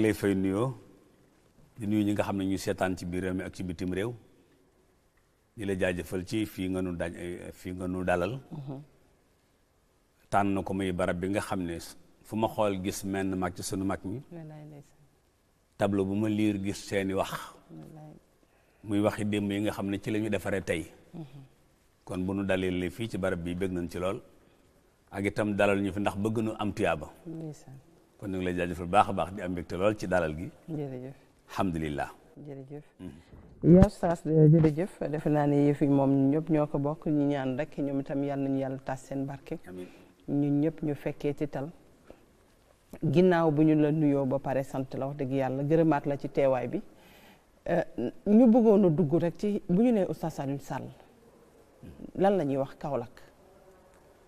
lay fay nuyoo ñi nga xam ne ñu seetaan ci biir mi ak ci bitim réew di la jaajëfal ci fii nga nu daaj fii nga ko muy barab bi nga xam ne fu ma xool gis menn mag ci sunu mag ñi tableau bu ma liir gis seeni wax muy waxi démb yi nga xam ne ci la defaree tey mhm. kon bu nu dalee fii ci barab bi bëgg nañ ci lool ak itam dalal ñu fi ndax bëgg nu am tuyaaba kon ñu ngi lay jaajëfal baax a baax di am mbégte lool ci dalal gi. jërëjëf alhamdulilah. jërëjëf. Mm-hmm. yow Saas jërëjëf defe naa ne yëf yi moom ñëpp ñoo ko bokk ñu ñaan rek ñoom itam yal nañu yàlla tas seen barke. ñun ñëpp ñu fekkee ci ginnaaw bu ñu la nuyoo ba pare sant la wax dëgg yàlla gërëmaat la ci teewaay bi eh, ñu bëggoon a dugg rek ci bu ñu nee Oustaz Alioune Sall mm-hmm. lan la ñuy wax kawlak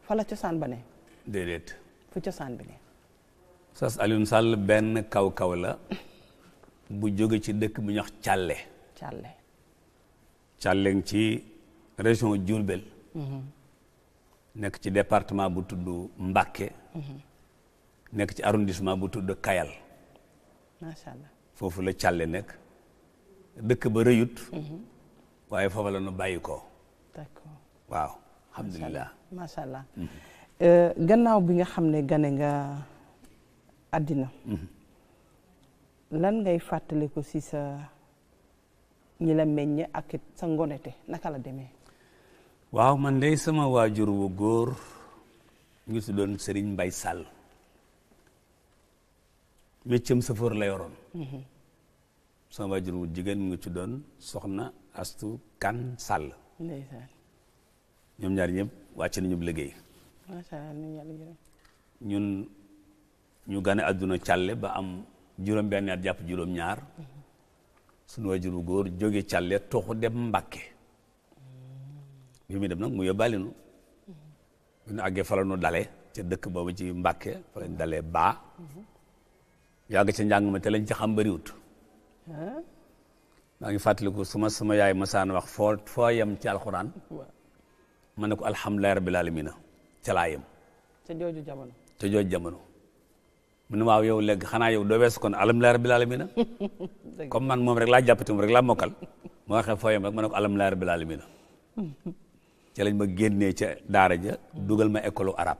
fa la cosaan ba ne. déedéet. fu cosaan bi ne. sas Alioune Sall benn kaw-kaw la bu jóge ci dëkk bu ñuy wax Càlle Càlle Càlle ci région Diourbel mhm. nekk ci département bu tudd Mbacké mhm. nekk ci arrondissement bu tudd Kayal foofu la Càlle nekk dëkk ba rëyut mhm. waaye foofa la nu bàyyi koo waaw alhamdulilah euh, gannaaw bi nga xam ne gane nga àddina mm-hmm. lan ngay fàttaliku si sa ñi la meññ ak sa ngonete naka la demee waaw man day sama waajur wu góor ngi tuddoon Serigne Mbay Sall méccam safoor la yoroon mm-hmm. sama waajur wu jigéen mu ngi doon Soxna Astu Kan Sall ndeysaan ñoom ñaar ñëpp wàcc nañu liggéey ñun ñu gane àdduna càlle ba am juróom-benn at jàpp juróom-ñaar sunu waajur bu góor jóge càlle to dem mbàkke bi muy dem nag mu yóbbaale nu ñu àggee dale ca dëkk boobu ci mbàkke fa lañ dalee baa yàgg ca njàng ma te lañ ci xam bariwut maa ngi fàttaliku suma sama yaay masaan wax foo yem ci alxuraan ma ne ko alhamdulilah rabbil alamina ca laa yem ca jooju jamono jamono mu ne waaw yow léegi xanaa yow doo weesu kon alhamdulilah rabbil alamin comme man moom rek laa jàppati moom rek laa mokkal moo waxee fooyam rek ma ne ko alhamdulilah rabbil alamin ca lañ ma génnee ca daara ja dugal ma école arab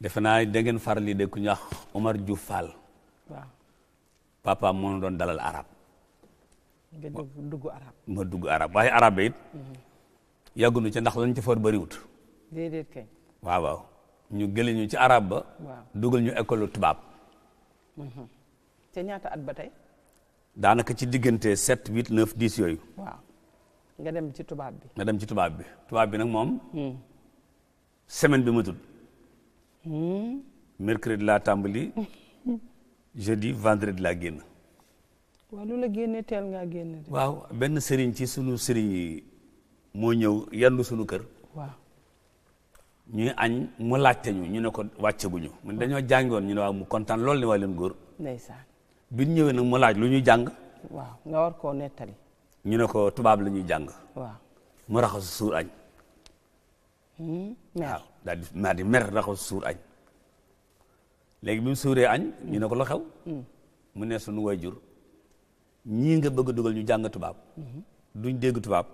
defe naa da ngeen far lii de ku ñuy wax Omar papa moo doon dalal arab nga dugg arab ma dugg arab waaye arab it. Mhm. yàgguñu ca ndax lañ ca foor bëriwut. déedéet ñu gële ci arab ba. dugal ñu école tubaab. Mhm. te ñaata at ba tey. daanaka ci diggante sept huit neuf dix yooyu. waaw nga dem ci tubaab bi. nga dem ci tubaab bi tubaab bi nag moom. Mhm. semaine bi ma tudd. Mhm. mercredi laa tàmbali. jeudi vendredi laa génn. waaw lu la génnee teel nga génn. waaw benn sëriñ ci sunu sëriñ yi moo ñëw yenn sunu kër. ñuy añ mu laajte ñu ñu ne ko wàcce bu ñu mun dañoo jàngoon ñu ne waaw mu kontaan loolu ne waa leen góor ndeysaan bi ñu ñëwee na mu laaj lu ñuy jàng waaw nga war koo nettali ñu ne ko tubaab la jàng mu raxasu suur añ hmm? waaw daal di maa di mer raxasu léegi mu suuree añ ñu ne ko lu hmm. mu ne suñu waajur ñii nga bëgg a ñu jàng tubaab hmm. duñ dégg tubaab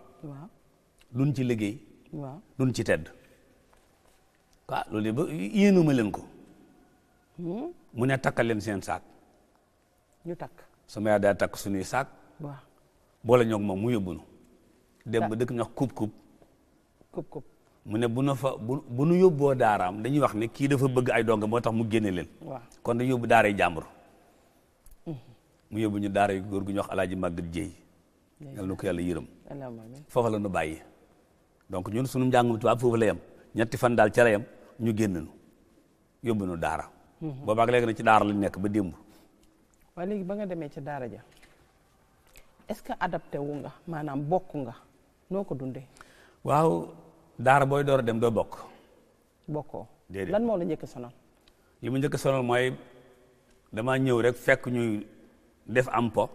duñ ci liggéey duñ ci tedd ka lolé ba yénuma len ko. Hmm? mu né takal len sen saak. ñu tak sama ya da tak suñu suñuy wa bo la ñok mom mu yobunu dem ba dëkk ñax kup kup kup kup mu né bu na fa bu bu nu yóbboo daaraam dañuy wax né ki dafa bëgg ay donga motax mu génne len wa kon da yóbbu daara jambur hmm. mu yobbu ñu daara yu gu ñu wax alaaji màggat jéey. yal na ko yàlla yërëm. foofa la nu bayyi donc ñun suñu jangum tubaab fofu la yam ñetti fan dal ci la yam ñu génn nu nu daara. boobaag léegi na ci daara lañ nekk ba démb. waa léegi ba nga demee ci daara ja est-ce que adapté wu nga maanaam bokk nga noo ko dundee. waaw daara booy door a dem doo bokk. bokkoo déedéet lan moo la njëkk sonal. li mu njëkk sonal mooy damaa ñëw rek fekk ñuy def am po.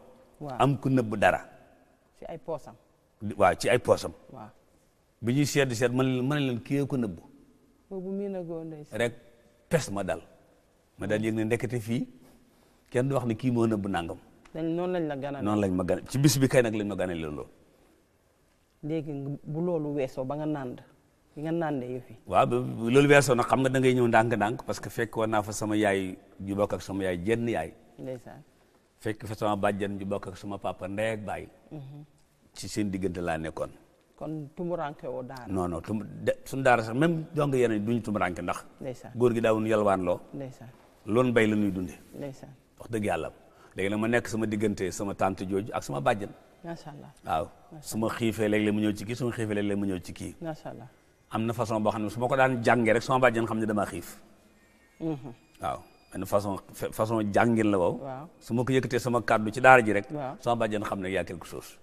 am ku nëbb dara. ci ay poosam. waaw ci ay poosam. waaw bi ñuy seet di seet mën leen mën leen kii nëbbu. boobu miin na góor rek pes ma dal ma dal yëg ne ndekete fii kenn du wax ne kii moo nëbb nangam. dañ noonu lañ la ganal noonu lañ ma ci bis bi kay nag lañ ma ganal loolu. léegi bu loolu weesoo ba nga nànd nga nànde yëf yi. waaw loolu weesoo nag xam nga da ngay ñëw ndànk-ndànk parce que fekk naa fa sama yaay ju bokk ak sama yaay jenn yaay. ndeysaan. fekk fa sama bàjjen ju bokk ak sama papa ndey ak baay. Mhm. ci seen diggante laa nekkoon. kon tumuranke woo daara. non non tum suñu daara sax même donc yeneen duñu tumuranke ndax. ndeysaan góor gi daawuñu yalwaan loo. ndeysaan loolu mbay la ñuy dundee. wax dëgg yàlla léegi nag ma nekk sama diggante sama tante jooju ak suma bàjjen. waaw su ma xiifee léeg-léeg mu ñëw ci kii su ma xiifee ci kii. am na façon boo xam ne su ma ko daan jàngee rek sama bàjjen xam ne damaa xiif. Mm-hmm. façon façon jàngin la wow. waaw su ma sama kàddu ci daara ji rek. waaw sama bàjjen xam ne yaa quelque chose.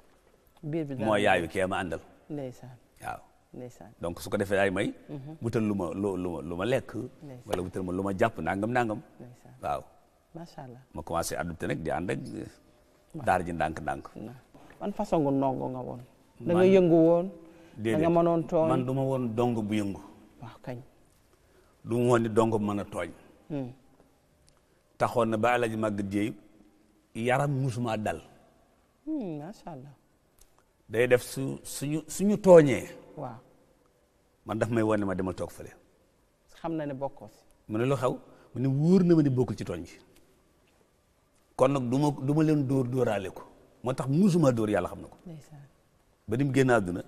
biir bi daal moo yaayu kee ma àndal. ndeysaan waaw ndeysaan donc su ko defee daay may mhm. lu ma ma lekk wala wutal ma lu ma jàpp nangam nangam waaw macha ma commencé di ànd ak daar ji ndànk-ndànk man façon gu ndongo nga woon da nga yëngu woon da tooñ man du ma woon dong bu yëngu waaw kañ du ma mën a tooñ hmm. taxoon na ba alaji màgg jéey yaram musuma dal hmm, day def su suñu suñu tooñee. waaw man daf may wane ma demal toog fële. xam na ne bokkoo mu ne lu xaw mu ne wóor ma ni bokkul ci tooñ bi kon nag du ma du ma leen dóor dóoraale ko moo tax musuma door yàlla xam na ko. ba ni mu génn àdduna.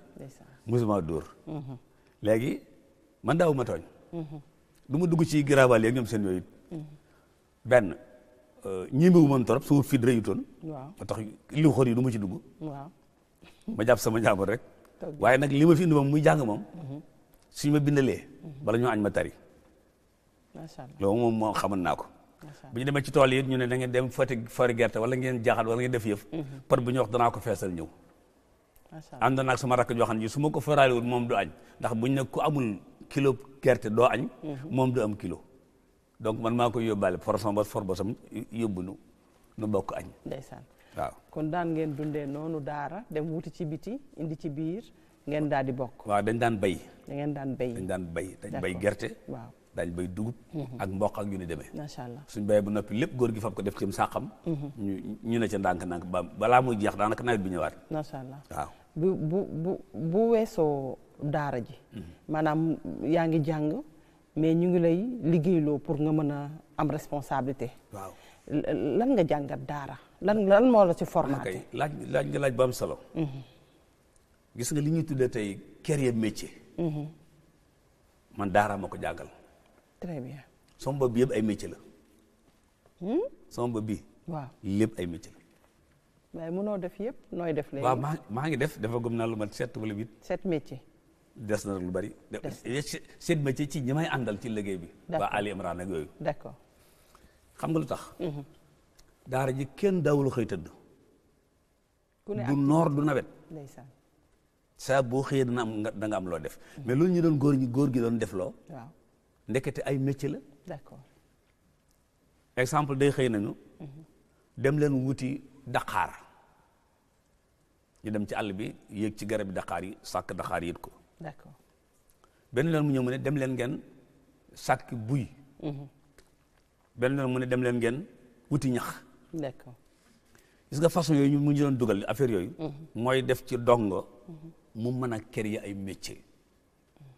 musuma dóor. Mhm. léegi man daaw ma tooñ. Mhm. duma dugg ci giraawal yeeg ñoom seen yooyu. Mhm. benn euh, ñemewu man trop su fit rëyutoon. waaw moo tax li xool yi du ma ci dugg. ma jàpp sama njaabur rek waaye nag li ma fi indi muy jàng moom mhm. suñu ma bindalee bala ñoo añ ma tari macha allah loolu moom moom xamoon naa ko bu ñu demee ci tool yi ñu ne da ngeen dem foti fori gerte wala ngeen jaaxal wala ngeen def yëf mhm. par bu ñu wax danaa ko feesal ñëw ànd naag sama rakk joo ji su ma ko faraaliwul moom du añ ndax buñ ne ko amul kilo gerte doo añ mhm. moom du am kilo donc man maa koy yóbbaale forson ba for bosam yóbbu nu nu bokk añ ndeysaan waaw kon daan ngeen dundee noonu daara dem wuti ci biti indi ci biir ngeen daal di bokk. waaw dañ daan bay. da ngeen daan bay dañ daan bay dañ gerte. waaw dañ bay dugub. Mhm. ak mboq ak yu ni demee. macha allah suñ bayee bu noppi lépp góor gi fab ko def cim sàqam. Mhm. ñu ñu ne ca ndànk-ndànk ba balaa muy jeex daanaka nawet bi ñëwaat. macha allah waaw. bu bu bu bu weesoo daara ji. Mhm. maanaam yaa ngi jàng mais ñu ngi lay liggéeyloo pour nga mën a am responsabilité. waaw. lan nga jàngat daara lan lan moo la ci ah, formaté. ok laaj laaj nga laaj ba solo. Mm-hmm. gis nga li ñuy tuddee tey carrière métier. Mm-hmm. man daara ma ko jàngal. très bien. sama bi yëpp ay métier la. Hmm? sama bopp bi. waaw lépp ay métier la. waaye mënoo def yëpp nooy def léegi. waaw maa maa ngi def dafa gëm lu ma sept wala huit. sept métiers. des na lu bari. des sept métiers ci ñi may àndal ci liggéey bi. d'accord waa Ali Imran yooyu. d'accord. xam nga lu tax. Mhm. daara ji kenn daawul xëy tëdd. du noor du nawet. saa boo xëyee dana am da nga am loo def. mais loolu ñu doon góor ñi góor gi doon def loo. ndekete ay métier la. d'accord exemple day xëy nañu. Mhm. dem leen wuti daqaar. ñu dem ci àll bi yéeg ci garab bi daqaar yi sàkk daqaar yit ko. d'accord benn leen mu ñëw mu ne dem leen ngeen sàkk buy. Mhm. benn yoon mu ne dem leen ngeen wuti ñax. d'accord gis nga façon yooyu mu ñu doon dugal affaire yooyu. Mhm. mooy def ci dongo. Mhm. mu mën a yi ay métier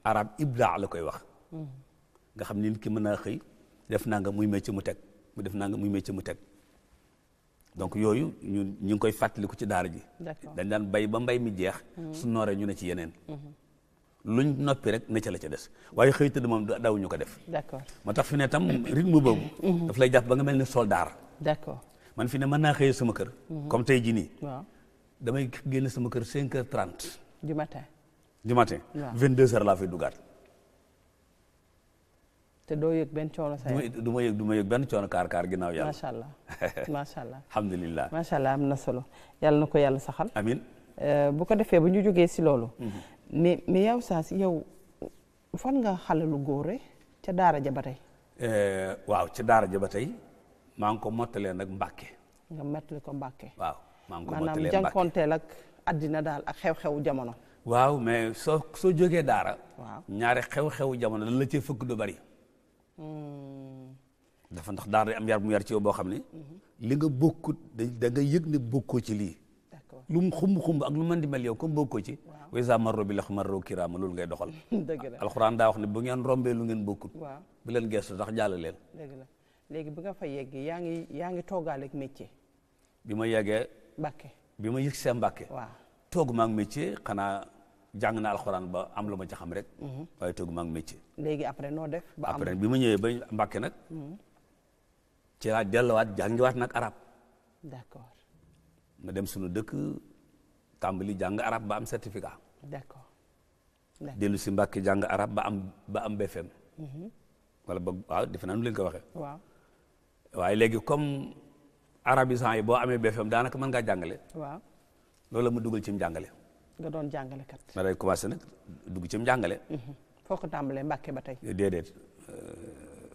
arab ibda la koy wax. Mhm. nga xam ni ki mën naa xëy def naa muy métier mu teg mu def naa muy métier mu teg donc yooyu ñu ñu ngi koy fàttaliku ci daara ji. dañ daan bay ba mbay mi jeex. su nooree ñu ne ci yeneen. luñ noppi rek ne ca la ca des waaye xëy tëdd moom daaw ñu ko def. d'accord moo tax fi ne tam mu boobu. Mhm. daf lay jàpp ba nga mel ni soldaar. d'accord man fi ne mën naa xëyee sama kër. Mhm. comme tey jii nii. waaw damay génn sama kër 5 heures 30. du matin. du matin. waaw 22 heures laa fay dugaat. te doo yëg benn coono sa du ma yëg du ma benn coono kaar kaar ginnaaw yàlla. macha allah macha allah. alhamdulilah macha allah am na solo. yàlla na ko yàlla saxal. amiin euh, bu ko defee bu ñu jógee si loolu. Mhm. mais mais yow Sass yow fan nga xalalu góor ca daara ja ba tey. Eh, waaw ca daara ja ba tey maa ngi ko mottalee nag Mbàkke. nga mottali ko Mbàkke. waaw maa ngi ko mottalee addina daal ak xew-xewu jamono. waaw mais soo soo jógee daara. waaw ñaari xew xew jamono lan la cee fëkk du bari. Hmm. dafa ndax daara am yar bu mu yar ci yow boo xam ne. Mhm. li nga bokkut da nga yëg ne bokkoo ci lii. lu mu xumb-xumb ak lu mën di mel yow comme bokkoo ci wa iza marru bi lahum marru kiraama loolu ngay doxal alxuraan daa wax ne bu ngeen rombee lu ngeen bokkut bu leen geestu tax jàll leen léegi bi nga fa yeggee yaa ngi yaa ngi toogaale ak métier bi ma yeggee Mbàkke bi ma yëg see Mbàkke waaw toog maa ngi métier xanaa jàng naa alxuraan ba am lu ma ci rek mhm. waaye toog maa ngi métier léegi après noo def ba am après bi ma ñëwee ba Mbàkke nag mhm. ci laa delluwaat jàngiwaat nag arab d'accord ma dem suñu dëkk tàmbali jàng arab ba am certificat. d'accord dellu si Mbàkke jàng arab ba am ba am BFM. Mhm. wala ba waaw defe naa ko waxee. waaw waaye léegi comme arabisant yi boo amee BFM daanaka mën ngaa jàngale. waaw loolu la ma dugal ci njàngale. nga doon jàngale kat. ma day commencé nag dugg ci njàngale. Mhm. foo ko tàmbalee ba tey. déedéet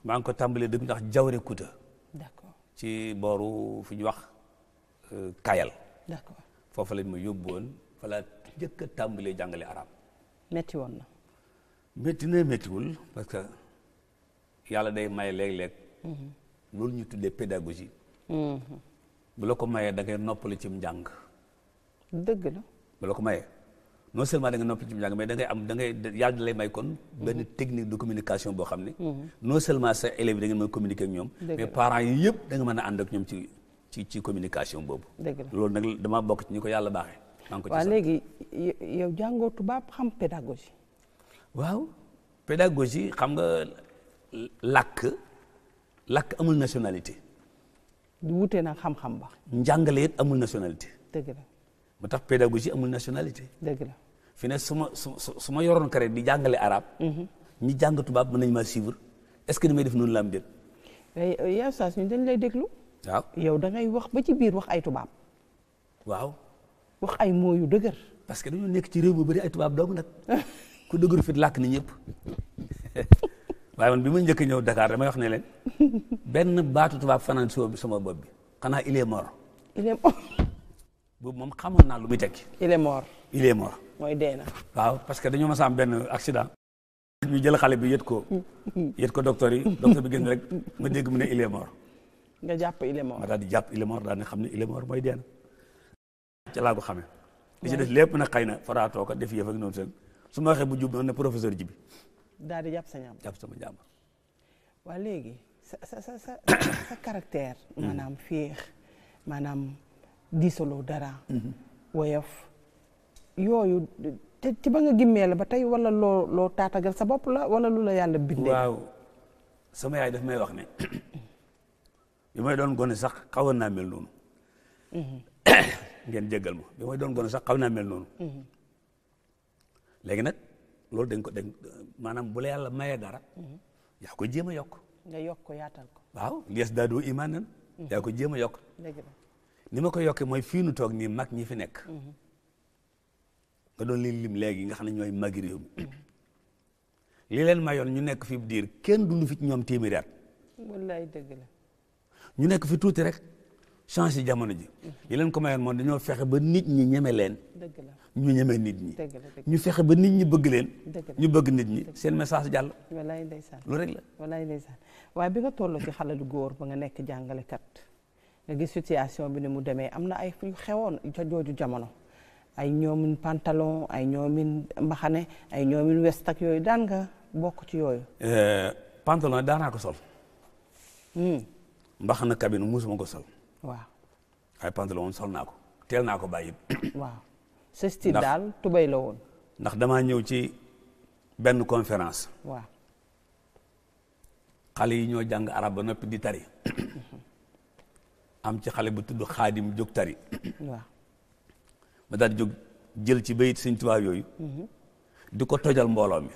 euh, ko tàmbalee dëgg ndax jawre ci booru fu ñu kayal d'accord foofu lañ ma yóbbu woon fa laa jëkk a tàmbalee jàngale arab métti woon na métti na méttiwul parce que yàlla day may léeg lekk mhm. loolu ñu tuddee pédagogie mhm. bu la ko mayee da ngay ci mu dëgg la ko mayee non seulement da nga noppali ci njàng mais da ngay am da ngay yàlla da lay may kon mhm. benn technique de communication boo xam ne non seulement sa élèves yi da ngeen ñoom mais parents yi yëpp da nga a ànd ak ñoom ci ci communication boobu. dëgg la loolu nag damaa bokk ci ñu ko yàlla baaxee. maa ngi ko ci waaw léegi yow jàngoo tubaab xam pédagogie. waaw pédagogie xam nga lakk lakk amul nationalité. wute na xam-xam ba. njàngale it amul nationalité. dëgg la ba tax pédagogie amul nationalité. dëgg la fi ne su ma su su ma yoroon kare di jàngale arabe. Mhm. ñi jàng tubaab mën nañu maa suivre est que ni may def noonu la am déet. Eh, eh, yaa saas waaw yow dangay wax ba ci biir wax ay tubaab. waaw. wax ay moo yu dëgër. parce que dañoo nekk ci réew bu bari ay tubaab doomu nag ku dëgër fit làkk ni ñëpp waaye man bi ma njëkk ñëw Dakar may wax ne leen benn baatu tubaab fanaan si sama bopp bi xanaa il est mort. il est boobu moom xamoon naa lu muy teg il est mort. il est mooy dee na. waaw parce que dañoo ma am benn accident. ñu jël xale bi yët ko. yët ko docteur yi. docteur bi génn rek ma dégg mu ne nga japp ilemor ma daal di japp ilemor daal di xamni ilemor moy den ci la ko xamé li ci def lepp na xayna fara to ko def yef ak non sen su ma waxe bu jub na professeur Jibi. dal di japp sa ñam japp sama jàmm. wa legi sa sa sa sa sa caractère. Mm-hmm. maanaam féex maanaam diisaloo dara. Mm-hmm. woyof yoyu ci ba nga gimmee la ba tay wala lo lo taatagal sa bop la wala lu la yàlla bindee. waaw sama yaay daf may wax ne. bi may doon gone sax xawoon naa mel noonu. Mm-hmm. ngeen jéggal ma bi may doon gone sax xaw naa mel noonu. Mm-hmm. léegi nag loolu dañ ko dañ maanaam bu yàlla mayee dara. Mm-hmm. yaa ko yokk. nga yokk ko yaatal ko. a yokk. ni mako ko mooy fii nu toog nii mag ñi fi nekk. nga doon leen lim léegi nga xam ne ñooy magi réew mi li leen mayoon ñu nekk fi diir kenn dundu fi ci ñoom ñu nekk fi tuuti rek chance jamono ji li leen ko mayoon moom dañoo fexe ba nit ñi ñeme leen ñu ñeme nit ñi ñu fexe ba nit ñi bëgg leen ñu bëgg nit ñi seen message jàll walaay ndeysaan lu rek la walaay ndeysaan waaye bi nga toll ci xale lu góor ba nga nekk jàngalekat nga gis situation bi ni mu demee am na ay yu xewoon ca jooju jamono ay ñoomin pantalon ay ñoomin mbaxane ay ñoomin west yooyu daan nga bokk ci yooyu euh, pantalon daanaa ko sol hmm. mbaxana cabine musuma ko sol. waaw. ay pantalon woon sol naa ko teel naa ko bàyyi. waaw sa style daal tubéy la woon. ndax damaa ñëw ci benn conférence. waaw. yi ñoo jàng arab ba noppi di tari. am ci xale bu tudd xaadim jóg tari. waaw. ma daal di jóg jël ci bayit Sëñ Tuubaa mm-hmm. di ko tojal mbooloo mi.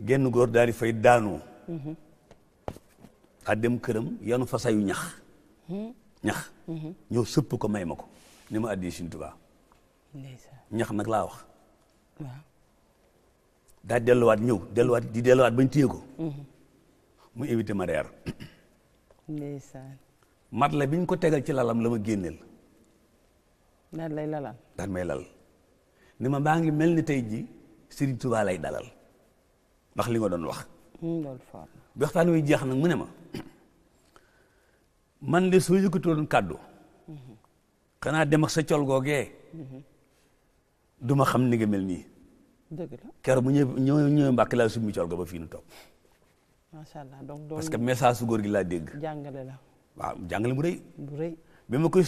genn góor daal di fay daanu. Mm-hmm. daa dem këram yanu fa yu ñax ñax sëpp ko may ma ko ni ma addi Sëriñ Tuubaa ñax nag laa wax daa delluwaat ñëw delluwaat di delluwaat bañ téye ko mhm. mu invité ma reer mat la bi ñu ko tegal ci lalam la ma génneel daan lay lalal daan may lal ma maa ngi mel ni tey ji Sëriñ Tuubaa lay dalal ndax li nga doon wax hmm, bi waxtaan wi jeex nag mu ne ma man de soo yëkkatoon kàddu xanaa dem ak sa col googee du ma xam ni nga mel nii. dëgg la keroog bu ñëw ñëw ñëwee mbàkk laa ba fii nu toog. macha allah donc message su gi laa dégg. jàngale la waaw jàngale mu rëy. bu rëy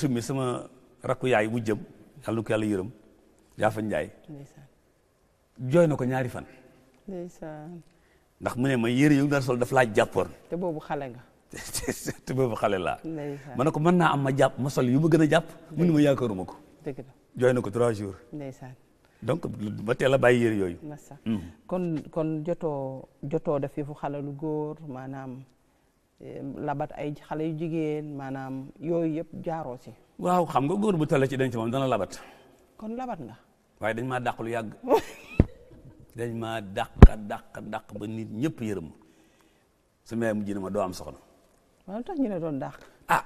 bi sama rakku yaay bu jëm yàlla na ko yàlla yërëm Jaafa jooy na ko ñaari fan. ndax mu ne ma yére yu daan sol daf laa jàppoon. te boobu xale nga. te boobu xale laa. ma ne ko mën naa am ma jàpp ma sol yu ma gën a jàpp. mu ma yaakaaruma ko. dëgg la jooy na ko trois jours. ndeysaan. donc ba teel a bàyyi yére yooyu. Mm. kon kon jotoo jotoo def yëfu xale lu góor maanaam labat ay xale yu jigéen maanaam yooyu yëpp jaaroo ci. waaw xam nga góor bu toll ci denc moom dana labat. kon labat nga. waaye dañ ma dàq lu yàgg. dañ maa dàq dàq dàq ba nit ñëpp yërëm su mu mujj ma doo am soxna. waaw tax ñu ne doon dàq. ah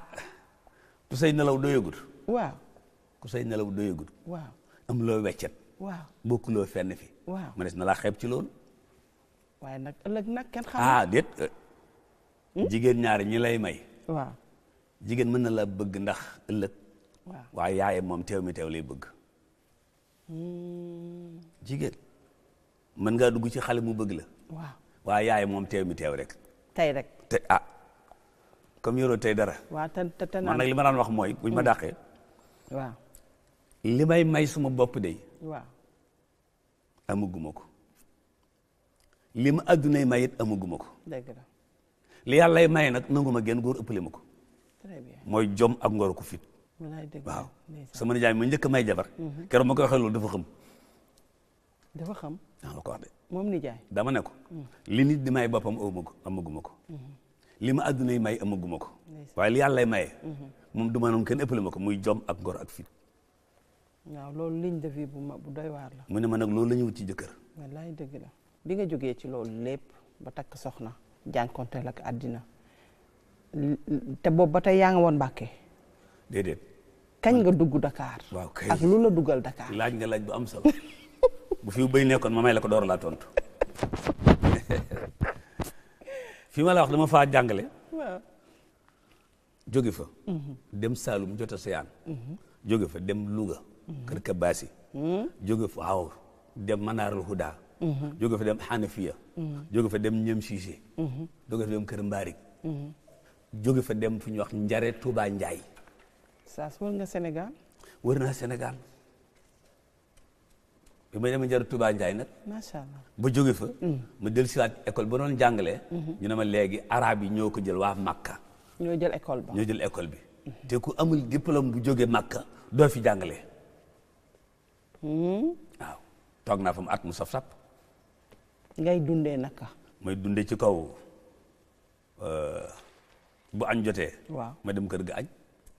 ku say nelaw doyagut. waaw ku nelaw doyagut. waaw am loo weccet. waaw bokkuloo fenn fi. waaw ma des na laa xeeb ci loolu. waaye nag ëllëg nag kenn ah, hmm? jigéen ñaari ñi lay may. jigéen mën na la bëgg ndax ëllëg. waaw waaye moom teew mi teew lay bëgg. Hmm. jigéen mën ngaa dugg ci xale mu bëgg la. waaw waaye yaayam moom teew mi teew rek. tey rek ah. comme yoroo tey dara. waaw te te man nag li ma daan ma hmm. dàqee. waaw. li may may suma bopp de. waaw. amaguma ko. li ma addunay may it amaguma ko. dëgg la li yàllay maye nag nangu ma genn góor ëppale ma ko. mooy jom ak ngor ko fit. waaw sama nijaay ma njëkk may jabar. Mhm. keroog ma koy waxee loolu dafa xam. dafa xam. daa ma ko wax dama ne ko. Mhm. di may boppam ëwma ko ko. Mhm. li ma àddunay may amaguma ko waaye li yàllay maye moom du ma noon kenn ëppale ma ko muy jom ak ngor ak fit waaw loolu ligne de vie bu ma bu doy waar la mu ne ma nag loolu la ñu wut ci jëkkër wallaay dëgg la bi nga jógee ci loolu lépp ba takk soxna jànkonteel ak àddina te boobu ba tey yaa nga woon Mbàkke déedéet kañ nga dugg Dakar waaw kay ak lu la duggal Dakar laaj nga laaj bu am solo bu fi bay nekkoon ma may la ko door laa tontu fi ma la wax dama faa jàngale. fa. Mhm. dem Saalum jota Seyaan. Mhm. jóge fa dem Louga. Mhm. kër Kabasi. jóge fa dem Manarul Huda. jóge fa dem Hanafiya. jóge dem Ñem Siise. dem Kër Mbaarik. jóge dem fu ñuy wax Njare Touba Njaay. saa su wër ma may demee jaru Touba Ndiaye nag. ba jóge fa. ma mm. dellu siwaat école ba doon jàngalee. Mm-hmm. ñu ne ma léegi arabe yi ñoo ko jël waa Makka. ñoo jël école ba ñoo école bi. Mm-hmm. te ku amul diplôme bu jógee Makka doo fi jàngale mm-hmm. waaw toog naa fa mu at mu saf sap. ngay dundee naka. may dundee ci kaw euh, bu añ jotee. waaw ma dem kër ga añ.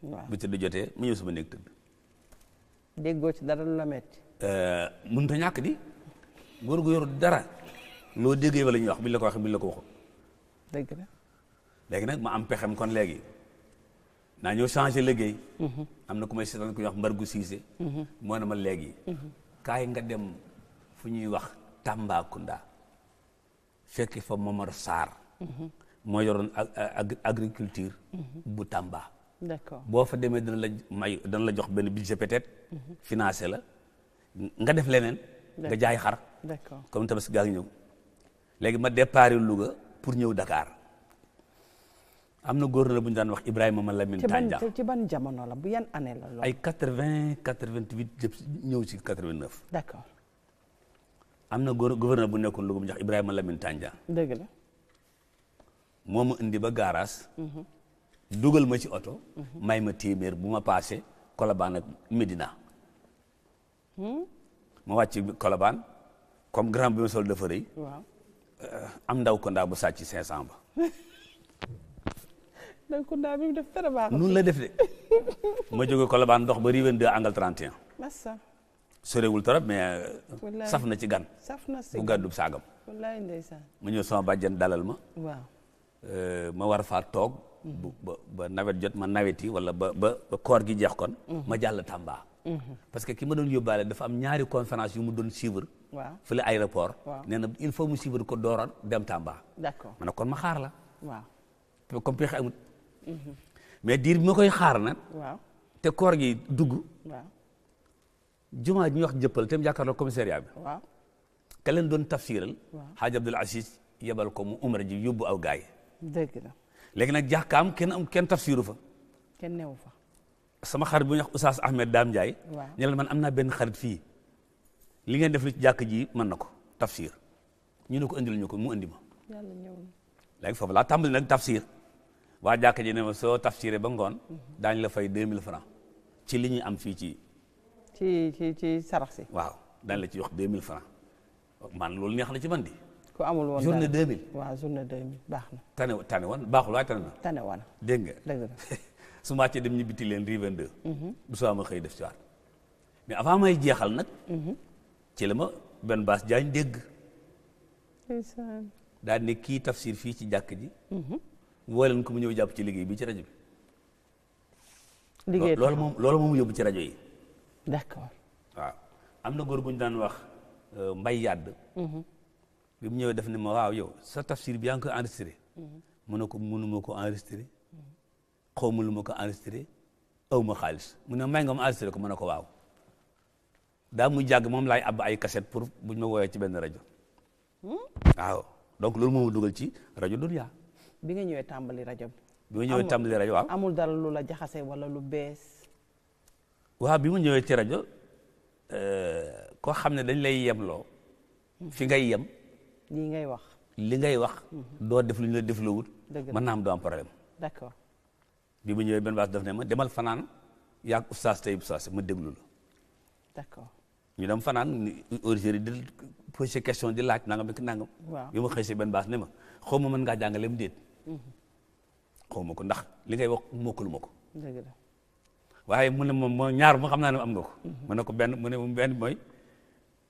waaw bu tëdd jotee ma ñëw sama néeg tëdd. Euh, mënut a ñàkk di góor gu yor dara loo déggee wala ñuy wax buñ la ko waxee buñ la ko waxul. dëgg nag ma am pexem kon léegi naa ñëw changé liggéey. Mm-hmm. am na ko may seetaan ku ñuy wax mbargu siise. Mm-hmm. moo ne ma léegi. Mm-hmm. kaay nga dem fu ñuy wax Tambacounda fekk fa Momar saar moo yoroon agriculture. bu Tamba. d'accord boo fa demee dana la may dana la jox benn budget peut-être. financé la. nga def leneen. nga jaay xar. d'accord comme tabaski gaa ngi ñëw. léegi ma départ Louga pour ñëw Dakar am na góor la bu ñu daan wax Ibrahima ma Lamine Tandia ci ban jamono la bu yan année ay quatre vingt quatre ñëw ci quatre vingt neuf. na góor gouverneur bu nekkoon Louga bu ñu wax Ibrahima Lamine Tandia. dëgg indi ba garage. Mhm. dugal ma ci oto. may ma téeméer bu ma paasee Colobane ak Medina. Hmm? ma wàcc Colobane comme grand bi ma sol dafa euh, am ndaw kondaa bu sàcc 500 ba. ndaw kondaa bi mu def dara baax. noonu la def de ma jóge Colobane dox ba Riven 2 angle 31. sorewul torop mais. Euh, saf na ci gan. saf na si bu gàddu saagam. wallaay ndeysaan. ma ñëw sama bàjjen dalal ma. Euh, ma war faa toog. Hmm. ba nawet jot ma nawet yi wala ba ba koor gi jeex kon. Hmm. ma jàll Tamba. parce que ki ma doon yóbbaale dafa am ñaari conférence yu mu doon suivre. waaw fële aéroport. waaw nee na il faut mu ko dooroon dem Tamba. d'accord ma kon ma xaar la. waaw comme pexe amut. Mhm. mais diir bi koy xaar nag. te koor gi dugg. waaw jumaa ji ñuy wax jëppal te mu jàkkaarloo commissariat bi. waaw ka doon tafsiral. waaw Hadj Aziz yebal ko mu umra ji yóbbu aw gaay yi. dëgg la léegi nag jàkkaam kenn kenn tafsiru fa. kenn fa. sama xarit bu ñuy wax Oustaz Ahmed Dame Ndiaye. waaw man am na benn xarit fii li ngeen def lu ci jàkk ji mën na ko tafsir ñu ne ko indil ñu ko mu indi ma. yàlla ñëw foofu laa tàmbali nag tafsir waa jàkk ji ne ma soo tafsiree ba ngoon mhm. daañu la fay 2000 francs ci li ñuy am fii ci. ci ci sarax si. waaw daañu la ci jox 2000 francs man loolu neex na ci man di. ku amul woon journée 2000. waaw journée 2000 baax woon baaxul waaye tane na. woon dégg nga. su ma wàccee dem ñu biti leen rive 2 mhm. bu soo ma xëy def ci waat mais avant may jeexal nag mhm. ci la ma benn baas jaañ dégg daal ne kii tafsir fii ci jàkk ji mhm. woo leen ko mu ñëw jàpp ci liggéey bi ci rajo bi loolu moom loolu moom yóbbu ci rajo yi d'accord waaw am na góor gu ñu daan wax euh, mbay yàdd bi mu ñëwee def ne ma waaw yow sa tafsir bi yaa ngi ko enregistré mu ne ko mënuma ko enregistré xaw ma lu ma ko enregistré aw ma xaalis mu nga ma enregistré ko ma ne ko waaw mu jàgg moom laay ab ay cassette pour buñ ma woowee ci benn rajo hmm? waaw donc loolu moo dugal ci rajo Dunya. bi nga ñëwee tàmbali rajo bi. ñëwee tàmbali rajo waaw amul dara lu la jaxase wala lu bees. waaw bi mu ñëwee ci rajo euh, koo xam ne dañ lay yemloo hmm. fi ngay yem. li ngay wax. li ngay wax. Hmm. doo def lu ñu la def loo wut. dëgg naa am doo problème. bi mu ñëwee benn baas daf ne ma demal fanaan yaag oustaz tey oustaz ma déglu la. d'accord dem fanaan auditeurs yi di posé question di laaj nangam ak nangam. waaw bi ma xëy benn baas ne ma xaw ma mën ngaa jàngaleem déet. Mhm. xaw ko ndax li ngay wax mokkalu ma ko. dëgg la waaye mu ne ma ñaar mu xam naa ne am nga ko. Mhm. mu ne ko benn mu ne benn mooy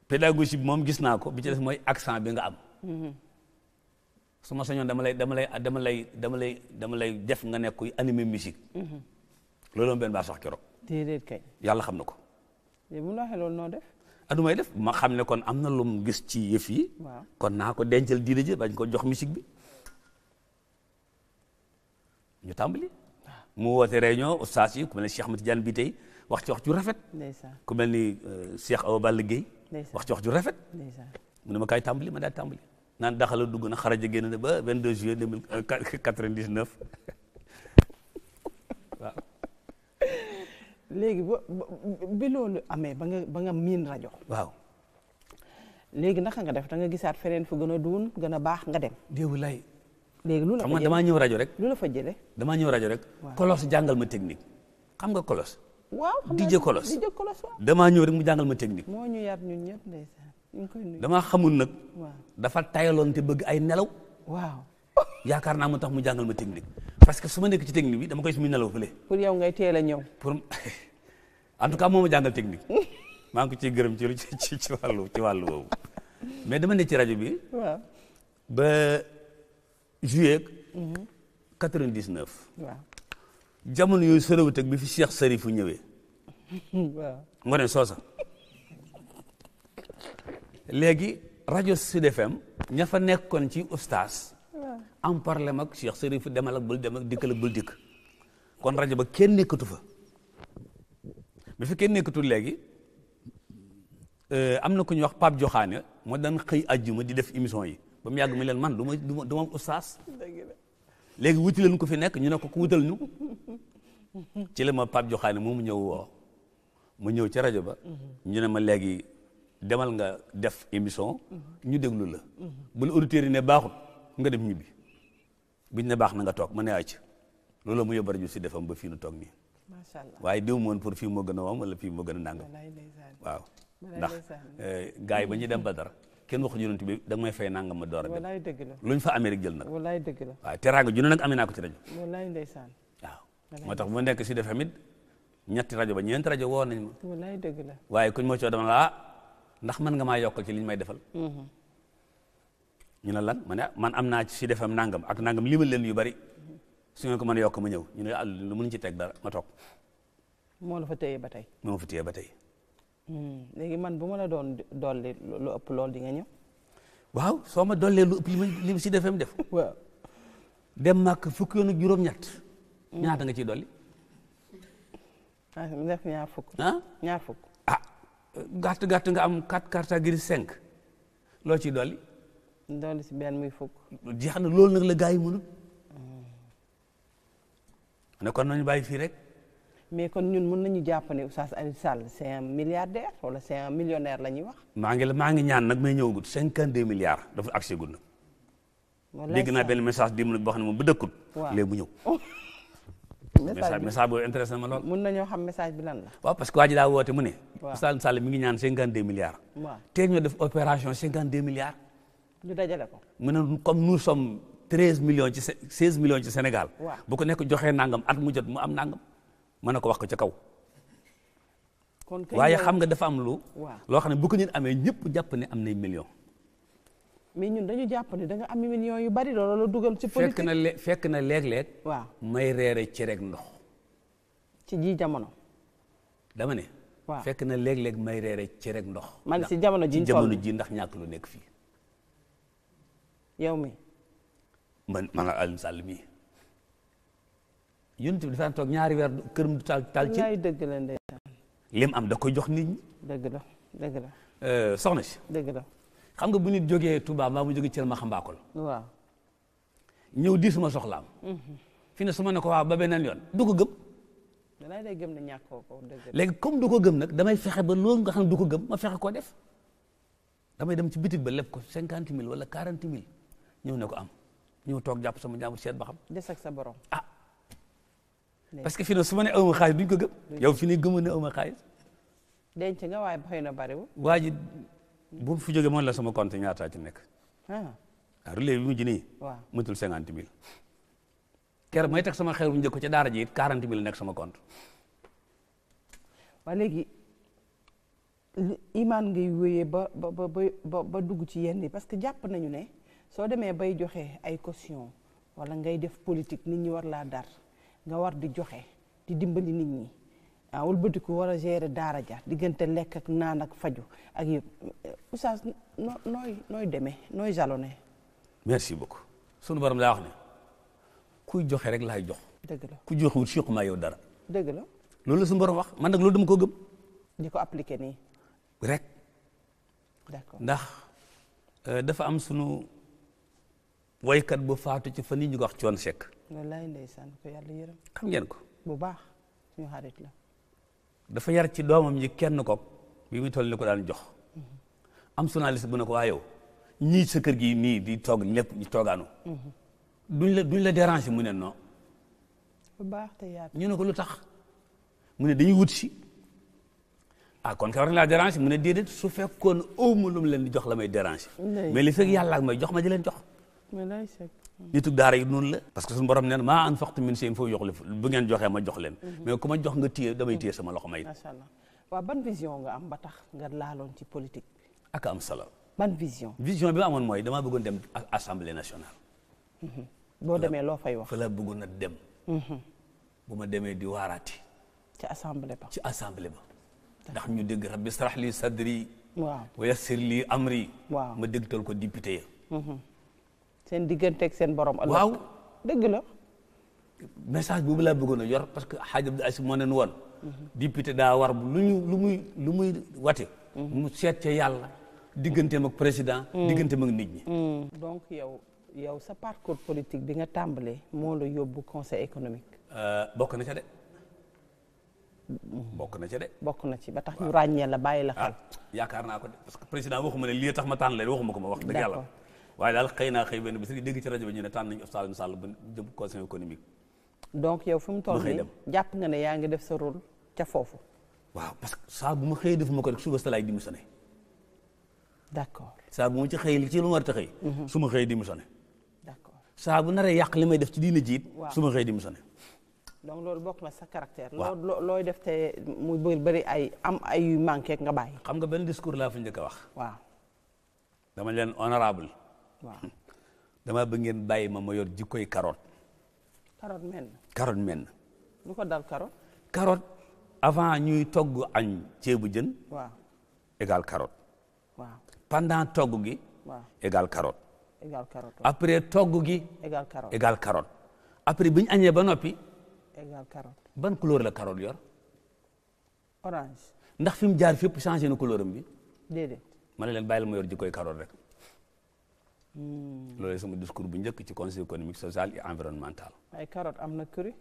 pédagogie bi moom gis naa ko bi ci des mooy accent bi nga am. Mhm. su ma sañoon dama lay dama lay dama lay dama lay def nga nekk kuy animé musique. Mm-hmm. loolu benn baa sax keroog. déedéet yàlla xam na ko. bu mu noo def. Ah, def ma xam ne kon am na lu mu gis ci yëf yi. kon naa ko dencal diine ji bañ ko jox musique bi. ñu tàmbali. Ah. mu woote réunion ustaas yi ku mel ni Cheikh Ahmed Tidiane bi tey wax ci wax ju rafet. ndeysaan ku mel ni euh, Cheikh Awa Balla Guèye. wax ci wax ju rafet. ndeysaan mu ne ma kaay tàmbali ma daal tàmbali. naan daxala dugg na xaraja génn na ba 22 juillet 1999 waaw léegi bi loolu amee ba nga ba nga miin rajo waaw léegi naka nga def da nga gisaat feneen fu gën a duun gën a baax nga dem déewu lay léegi lu la xam nga damaa ñëw rajo rek lu la fa jële damaa ñëw rajo rek kolos jàngal ma technique xam nga kolos waaw DJ kolos DJ kolos waaw damaa ñëw rek mu jàngal ma technique moo ñu yar ñun ñëpp ndeysaan damaa xamul nag. dafa tayaloon te bëgg ay nelaw. waaw. naa mu tax mu jàngal ma technique parce que su ma nekk ci technique bi dama koy suñu nelaw fële. pour yow ngay teel a ñëw. pour en tout cas moo ma jàngal technique maa ngi ko gërëm ci lu ci ci ci wàllu woowu mais dama ne ci rajo bi. waaw ba juillet. 99. Mhm. yooyu soriwut ak bi fi Cheikh Serif ñëwee. waaw Ngoné Soosa. léegi rajo Sud FM ña fa nekkoon ci oustaz am problème ak Cheikh Serif demal ak bul dem ak dikkal bul dikk kon rajo ba kenn nekkatu fa bi fi kenn nekkatul léegi euh, am na ku ñuy wax Pape Joxaane moo daan xëy ajjuma di def émission yi ba mu yàgg mu leen man du ma du ma du ma léegi wuti leen ko fi nekk ñu ne ko ku wutal ñu ci la ma Pape Joxaane moomu ñëw woo mu ñëw ci rajo ba mhm. ñu ma léegi demal nga def émission. ñu déglu la. bu la yi ne baaxut nga dem ñu bi biñ ne baax na nga toog ma ne ci loolu mu yóbbu rajo si defam ba fii nu toog nii. macha allah waaye déw moon pour fii moo gën a wam wala fii moo gën a nangam. waaw ndax eh, gars yi ba ñuy dem ba dara. kenn waxu yonent bi da nga may fay nangam ma door a. walaay dëgg la luñ fa amee rek jël nag. walaay dëgg la waaw teraanga ju ne nag amee naa ko ci rajo. walaay ndeysaan. waaw moo tax bu nekk si defam it ñetti rajo ba ñeenti rajo woo nañ ma. kuñ ma coo ndax man nga maa yokkal ci liñ may defal mhm. ñu ne lan ma ne man am naa ci si defam nangam ak nangam limal leen yu bari su ngeen ko mën a yokk ma ñëw ñu ne àll ah, lu mënuñ ci teg dara ma toog moo la fa téye ba tey moo fa téye ba tey hmm, léegi man bu ma la doon dolli lu ëpp lool di nga ñëw waaw soo ma dollee lu ëpp li ma li si defam def waaw dem màkk fukk yoon ak juróom-ñett hmm. ñaata nga ciy dolli ah, def ñaar fukk ah ñaar fukk gàtt gàtt nga am quatre cartes gris cinq loo ciy dolli. dolli si benn muy fukk. jeex na loolu nag la gaa yi mënul. Hmm. nañu bàyyi fii rek. mais kon ñun mun nañu jàpp ne Oustaz Alioune Sall c'est un milliardaire wala c'est un la ñuy wax. maa ngi la maa ngi ñaan nag may ñëwagut cinquante deux milliards dafa agsi gud nag. dégg naa benn message di mu nag boo xam ne moom bu dëkkut. waaw mu ñëw. message message boobu intéressé na ma lool. mun nañoo xam message bi lan la. waaw parce que waa ji daa woote mu ne. waaw Sall Sall mi ngi ñaan cinquante deux milliards. waaw ñoo def opération cinquante deux milliards. dajale ko. mu ne comme nous sommes treize millions ci seize ci Sénégal. waaw bu ko nekk joxee nangam at mu jot mu am nangam ma ne ko wax ko ci kaw. kon waaye xam nga dafa am lu. waaw loo xam ne bu ko ñun amee ñëpp jàpp ne am nay million mais ñun dañu jàpp ne danga nga am millions yu bari loolu la dugal. ci politique fekk na le fekk na léeg-léeg. waaw may reere cerek ndox. ci ji jamono. dama ne. waaw fekk na léeg-léeg may reere ci ndox. man si jamono ji jamono ji ndax ñàkk lu nekk fii. yow mi man man Alioune Sall mii. yonent bi dafa toog ñaari weer këram du taal taal ci. dëgg la lim am da koy jox nit ñi. dëgg la dëgg la. Euh, soxna si dëgg la. xam nga bu nit jógee Touba mbaa mu jógee Thiel ma xam Mbakol. waaw ñëw di suma soxlaam. Mhm. fi ne su ma ne ko waaw ba beneen yoon du ko gëm. danaa day gëm ne ñàkkoo ko dëgg comme du ko gëm nag damay fexe ba loolu nga xam ne du ko gëm ma fexe koo def damay dem ci bitig ba leb ko cinquante mille wala quarante mille ñëw ne ko am ñëw toog jàpp sama jàmbur seet ba xam. des ak sa borom ah. parce que fi ne su ma ne awma xaalis duñ ko gëm. yow fi ne ne awma xaalis. denc nga waaye xëy na bariwul. waa bu fi joge mon la sama compte ñaata ci nek ah relais bi mu jini wa mutul 50000 ker may teg sama xéer bu njëkk ci dara ji 40000 nek sama compte. wa légui iman ngay wéyee ba ba ba ba dugg ci yenn parce que japp nañu né so démé bay joxé ay caution wala ngay def politique nit ñi war la dar nga war di joxé di dimbali nit ñi. ah wëlbatiku war a gérer daara ja diggante lekk ak naan ak faju ak yëpp oustaz nooy nooy demee nooy jalonné. merci beaucoup sunu borom laa wax ne kuy joxe rek lay jox. dëgg la ku joxewul siquma yow dara. dëgg la loolu la sunu borom wax man nag loolu dama ko gëm. ko appliqué nii. rek. d'accord ndax euh, dafa am sunu woykat bu faatu ci fan yii ñu ko wax coon sekk. wallaay ndeysaan ko yàlla yërëm. xam ngeen ko bu baax suñu xarit dafa yar ci doomam yi kenn ko bi muy toll ni ko daan jox am journaliste bu ne ko waa yow ñii sa kër gi nii di toog ñëpp ñu toogaanu duñ la duñ la déranger mu ne non baax te yaatu ñu ne ko lu tax mu ne dañuy wut si ah kon ka war na laa déranger mu ne déedéet su fekkoon aw ma lu mu leen di jox la may déranger mais li fekk yàlla ak may jox ma di leen jox nitu daara yi noonu la parce que suñu borom neen maa anfaqtum min shay'in fa yuxlif bu ngeen joxee ma jox leen mhm. mais ku ma jox nga téye damay téye sama loxo may macha ban vision nga am ba tax nga laaloon ci politique ak am solo vision vision bi ma amoon mooy dem assemblée nationale mhm. boo demee loo fa la bëggoon a dem mhm. bu ma demee di waaraati ci assemblée ba ci assemblée ba ndax ñu dégg rabbi sarax li sadri waaw wa yassir li amri waaw ma dégtal ko député seen ak seen borom. waaw dëgg la. message bu laa bëggoon a yor parce que Hadj Abdou Aziz moo neen woon. député daa war lu ñu lu muy lu muy wate. mu seet ca yàlla. digganteem ak président. Mm. digganteem ak nit ñi. Mm. donc yow yow sa parcours politique bi nga tàmbalee moo la yóbbu conseil économique. Euh, bokk na ca de. bokk na ca de. bokk na ci ba tax ñu ràññee la bàyyi la ah, xel. yaakaar naa ko de parce que président waxuma ne lii tax ma tànn leen waxuma ko ma wax dëgg yàlla. waaye daal xëy naa xëy benn bés yi dégg ci rajo bi ñu ne tànn nañu Oustaz Alioune Sall ba jëm conseil économique. donc yow fi mu toll nii jàpp nga ne yaa ngi def sa rôle ca foofu. waaw parce que saa bu ma xëyee defuma ko rek suba sa laay démissionné. d'accord saa bu ma ci xëy li ci lu ma war a xëy. su ma xëyee démissionné. d'accord saa bu naree yàq li may def ci diine jiit. waaw su ma xëyee démissionné. donc loolu bokk na sa caractère. waaw loo looy def te mu bëri ay am ay yu manqué nga bàyyi. xam nga benn discours laa fi njëkk a wax. waaw dama leen honorable waaw dama bëgg ngeen bàyyi ma ma yor jikkoy karot carotte men. carotte men. lu avant ñuy togg añ ceebu jën. waaw égal carotte. waaw pendant togg gi. waaw égal carotte. égal carotte après togg gi. égal carotte égal après bi ñu añee ba noppi. égal carotte. ban couleur la karot yor. orange. ndax mu jaar fépp changé na couleur am bi. déedéet. ma ne leen bàyyi yor jikkoy carotte rek. Hmm. loolu sama discours bu njëkk ci conseil économique social et environnemental. ay carotte am na curry.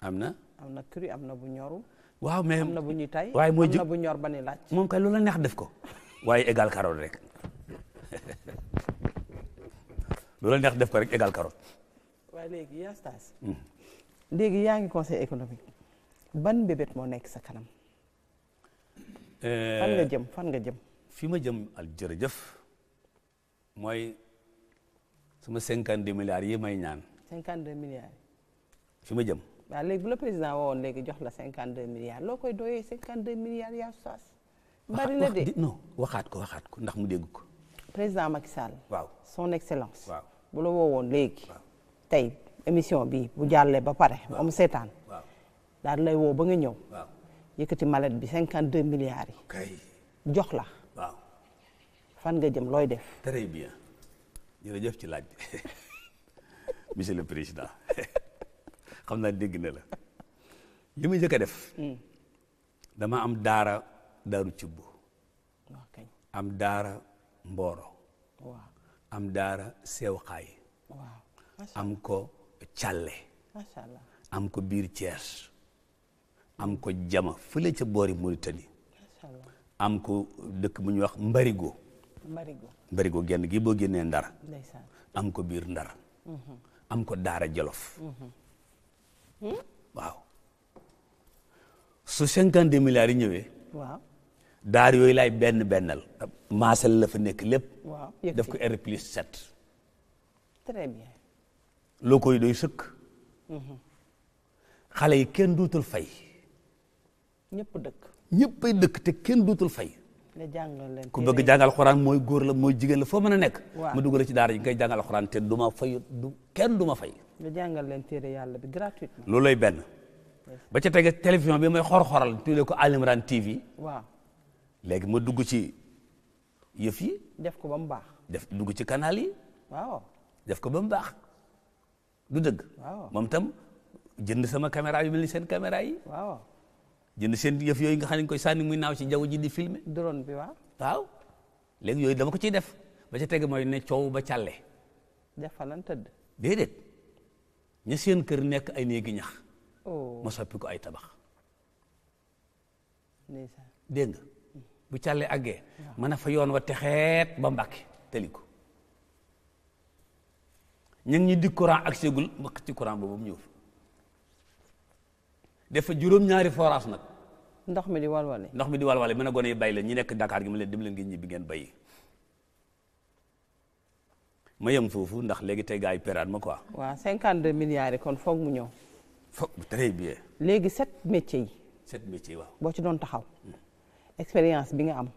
am na. am na curry am na bu ñorul. waaw mais am na bu ñuy tay waaye mooy ji am na bu ñor ba ni laaj. moom kay loola neex def ko waaye égal carotte rek loola neex def ko rek égal carotte. waaye léegi yaa Stas. Hmm. léegi yaa ngi conseil économique ban mbébét moo nekk sa kanam. fan nga euh, jëm fan nga jëm. fi ma jëm al jërëjëf. mooy suma cinquante deux milliards yi may ñaan. cinquante deux milliards. fi ma jëm. waaw léegi bu la président wowoon léegi jox la cinquante deux loo koy doyee cinquante deux milliards yaa saas. de non waxaat ko waxaat ko ndax mu dégg ko. président Macky Sall. waaw son excellence. waaw bu la woowoon léegi. tey émission bi bu jàllee ba pare. waaw am seetaan. waaw lay woo ba nga ñëw. waaw yëkkati bi cinquante deux milliards la. fan nga jëm looy def. très bien jërëjëf ci laaj bi monsieur le président na la li muy njëkk a def. Hmm. dama am daara daaru cibbu. am daara mbooro. am daara seew xaay. am ko càlle. am ko biir Thiès. am ko jama fële ca boori Mauritanie. am ko dëkk bu ñuy wax Mbarigo. barigo barigo genn gi boo génnee ndar am ko biir ndar mhm. am ko daara jolof mhm. hmm? waaw su cinquante deux milliards yi ñëwee waaw daar yooyu lay benn bennal maasal la fa nekk lépp waaw daf ko R plus sept très doy sëkk mhm. xale yi kenn duutul fay ñëpp dëkk ñëppay dëkk te kenn duutul fay nga jàngal leen ku bëgg jàngal alxuraan mooy góor mooy jigéen la foo mën a nekk. waaw ma dugal ci daara yi ngay jàngal alxuraan te du ma fay du kenn du ma fay. nga jàngal leen téere yàlla bi gratuitement. loolu lay benn ba ca tege télévision bi may xor-xoral tuddee ko Alimran TV. waaw léegi ma dugg ci yëf yi. def ko ba mu baax. def dugg ci canal yi. waaw def ko ba mu baax du dëgg. waaw moom itam jënd sama caméra yu seen caméra yi. jënd seen yëf yooyu nga xam ne koy sànni muy naaw ci jaww ji di filmé drone bi waaw waaw léegi yooyu dama ko ciy def ba ca teg mooy ne coow ba càlle lan tëdd déedéet ña seen kër nekk ay néegi ñax oh. ma soppi ko ay tabax dégg nga mm. bu càlle àggee mën a fa yoon wa texeet ba mbàkke tëli ko ñi di courant ak ségul mbëkk ci courant boobu mu ñëw fi dafa juróom-ñaari forage nag ndox mi di walwale ndox mi di walwale mën a gone yi bay la nekk Dakar gi ma leen dem leen ngeen ñibbi ngeen bayi ma yem foofu ndax léegi tey gars yi peraat ma quoi. waaw 52 milliards yi kon foog mu ñëw. foog très bien. léegi sept métiers yi. sept métiers waaw. boo ci doon taxaw. expérience bi nga am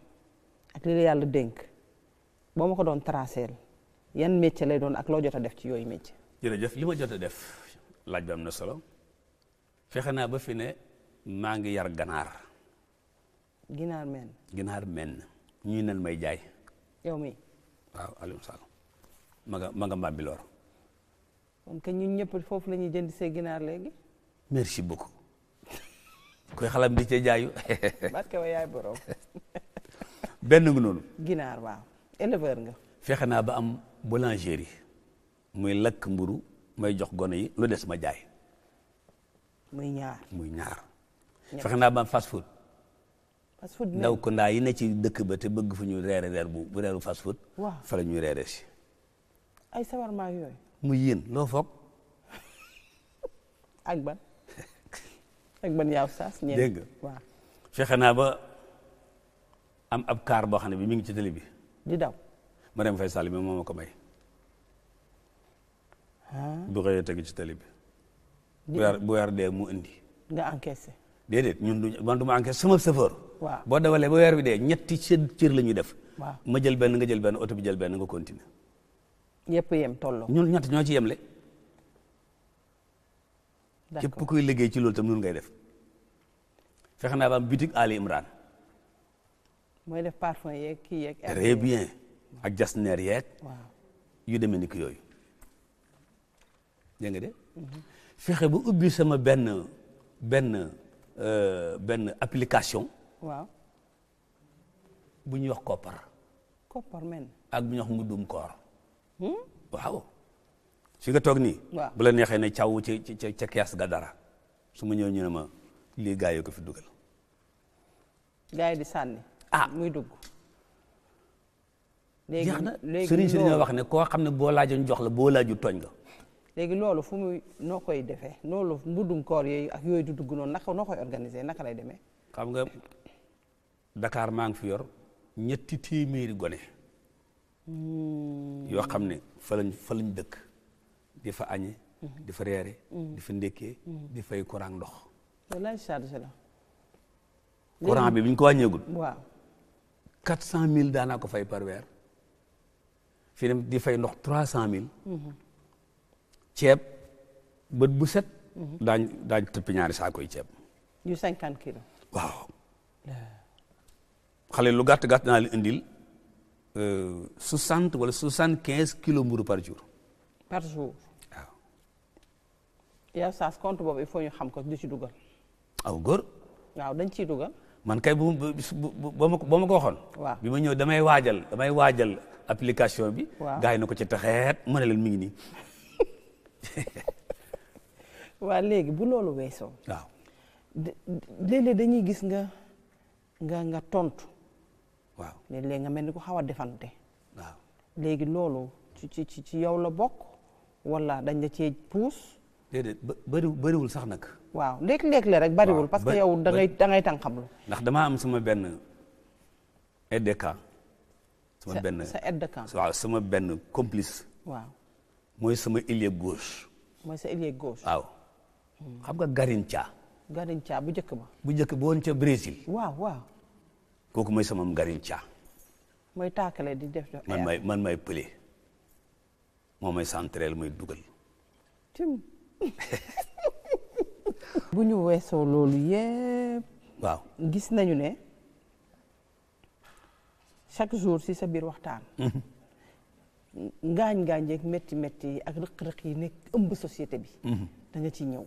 ak li yàlla dénk boo ma ko doon tracé yan métier lay doon ak loo jot a def ci yooyu métier. jërëjëf li ma jot a def laaj bi na solo fexe naa ba fi ne. maa ngi yar ganaar ginaar men ginaar men ñii nan may jaay yow mi waaw Alioune Sall ma nga ma ñëpp foofu la ñuy jënd se ginaar léegi merci beaucoup koy xalam di ca jaayu barke wa yaay borom benn nga ginaar waaw éleveur nga fexe naa ba am boulangerie muy lakk mburu may jox gone yi ma jaay muy ñaar ñaar fexe naa ba am fast food. fast ndaw ko ndaa yi ne ci dëkk ba te bëgg fu ñu reere reer bu bu reeru fast food. waaw fa la si. ay sawarma ak yooyu. mu yéen loo foog. ak ban ak ban yaaw saas fexe naa ba am ab kaar boo xam bi mi ngi ci télé bi. di daw. Marème Faye Sall bi moom ma ko may. Ah. bu xëyee tegu ci télé bi. bu weer dee mu indi. nga encaissé. déedéet ñun du man du ma enquête sama chauffeur. waaw boo dawalee ba weer wi dee ñetti cër cër la ñuy def. waaw ma jël benn nga jël benn oto bi jël benn nga continuer. ñëpp yem tolloo. ñun ñett ñoo ci yemle. d'accord képp kuy liggéey ci loolu tam noonu ngay def. fexe naa ba am boutique Ali Imran. mooy def parfum yeeg kii yeeg. très ak jasneer yeeg. waaw yu deme ni ki yooyu. dégg nga de. fexe ba ubbi sama benn benn. Euh, benn application. waaw. bu ñuy wax koppar. koppar men. ak bu ñuy wax dum koor. Hmm? waaw. fi nga toog nii. waaw bu la neexee ne caw ca ca ca kees ga dara su ma ñëw ñu ne ma lii gaa ko fi dugal. gaa yi di sànni. a ah. muy dugg. léegi na sëriñ si dañoo wax ne koo xam ne boo laajoon jox la boo laaju tooñ nga. léegi loolu fu muy noo koy defee loolu mbuddum koor yooyu ak yooyu du dugg noonu naka noo koy organiser naka lay demee. xam nga Dakar maa ngi fi yor ñetti téeméeri gone. Hmm. yoo xam ne fa lañ fa lañ dëkk di fa añe mhm. di fa reere mhm. di fa ndékkee mhm. di fay courant ndox. wallaay charge la. courant bi bi ñu ko wàññeegul. waaw quatre cent mille daanaa ko fay par weer. fii dem di fay ndox trois cent mille. ceeb bët bu set. Mhm. dañ dañ tëpp ñaari saako yi ceeb. yu cinquante kilos. waaw. xale lu gàtt gàtt naa leen indil 60 euh, wala 75 kilo mburu par jour. par jour. waaw. yow saas compte boobu il faut ñu xam ko di ci dugal. aw gor waaw dañ ciy dugal. man kay bu bu ma ko waxoon. waaw bi ma ñëw damay waajal damay waajal application bi. waaw gars yi na ko ci taxeet ma ne leen mi ngi nii. waa léegi bu loolu weesoo. waaw léeg-léeg dañuy gis nga nga nga tontu. waaw léeg nga mel ni ku xaw a defante. waaw loolu ci ci ci yow la bokk wala dañ la cee puus. déedéet bariwul sax nag. waaw léeg-léeg la rek bëriwul. parce que yow da ngay da ngay ndax damaa am sama benn aide de camp. sama benn sa aide complice. mooy sama ailier gauche. mooy sa ailier gauche. xam nga Garincha. Garincha bu njëkk ba. bu njëkk ba woon ca Brésil. waaw waaw. kooku mooy sama Garincha. mooy taakale di def. man may man may pële. moo may centrel mooy dugal. tim. bu ñu weesoo loolu yëpp. waaw gis nañu ne chaque jour si sa biir waxtaan. Mhm. ngaañ-ngaañ yeeg métti métti ak rëq-rëq yi nekk ëmb société bi mhm. da nga ci ñëw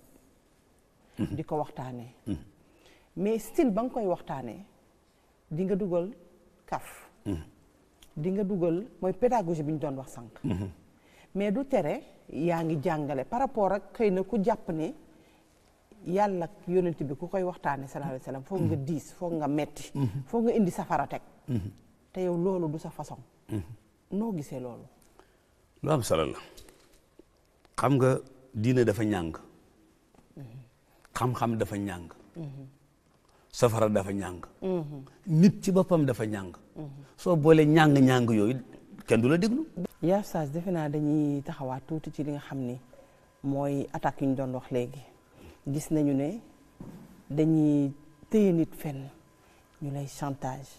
mhm. di ko waxtaanee mhm. mais style ba nga koy waxtaanee di nga dugal kaf di nga dugal mooy pédagogie bi ñu doon wax sànq mais du tere yaa ngi jàngale par rapport ak xëy na ku jàpp ni yàlla ak yonent bi ku koy waxtaane sallallahu alayhi wasallam foog nga diis foog nga metti foog nga indi safara teg te yow loolu du sa façon noo gisee loolu lu am solo la xam nga diine dafa ñàng xam-xam dafa ñàng safara dafa ñàng nit ci boppam dafa ñàng soo boole ñàng-ñàng yooyu kenn du la déglu yaa saas defe naa dañuy taxawaat tuuti ci li nga xam ni mooy attaque yi ñu doon wax léegi gis nañu ne dañuy téye nit fenn ñu lay chantage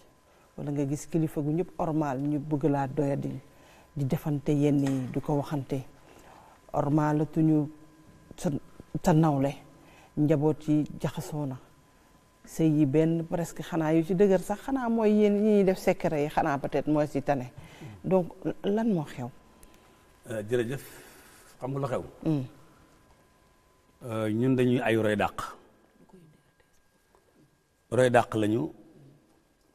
wala nga gis kilifa gu ñëpp ormal ñu bëgg laa doyadil di defante yenn yi di ko waxante ormaalatuñu sa sa nawle njaboot yi jaxasoo na sëy yi benn presque xanaa yu si dëgër sax xanaa mooy yéen ñi ñuy def secret yi xanaa peut-être mooy si tane donc lan moo xew. Euh, jërëjëf xam nga lu xew. Hmm. Euh, ñun dañuy ay roy dàq. roy dàq lañu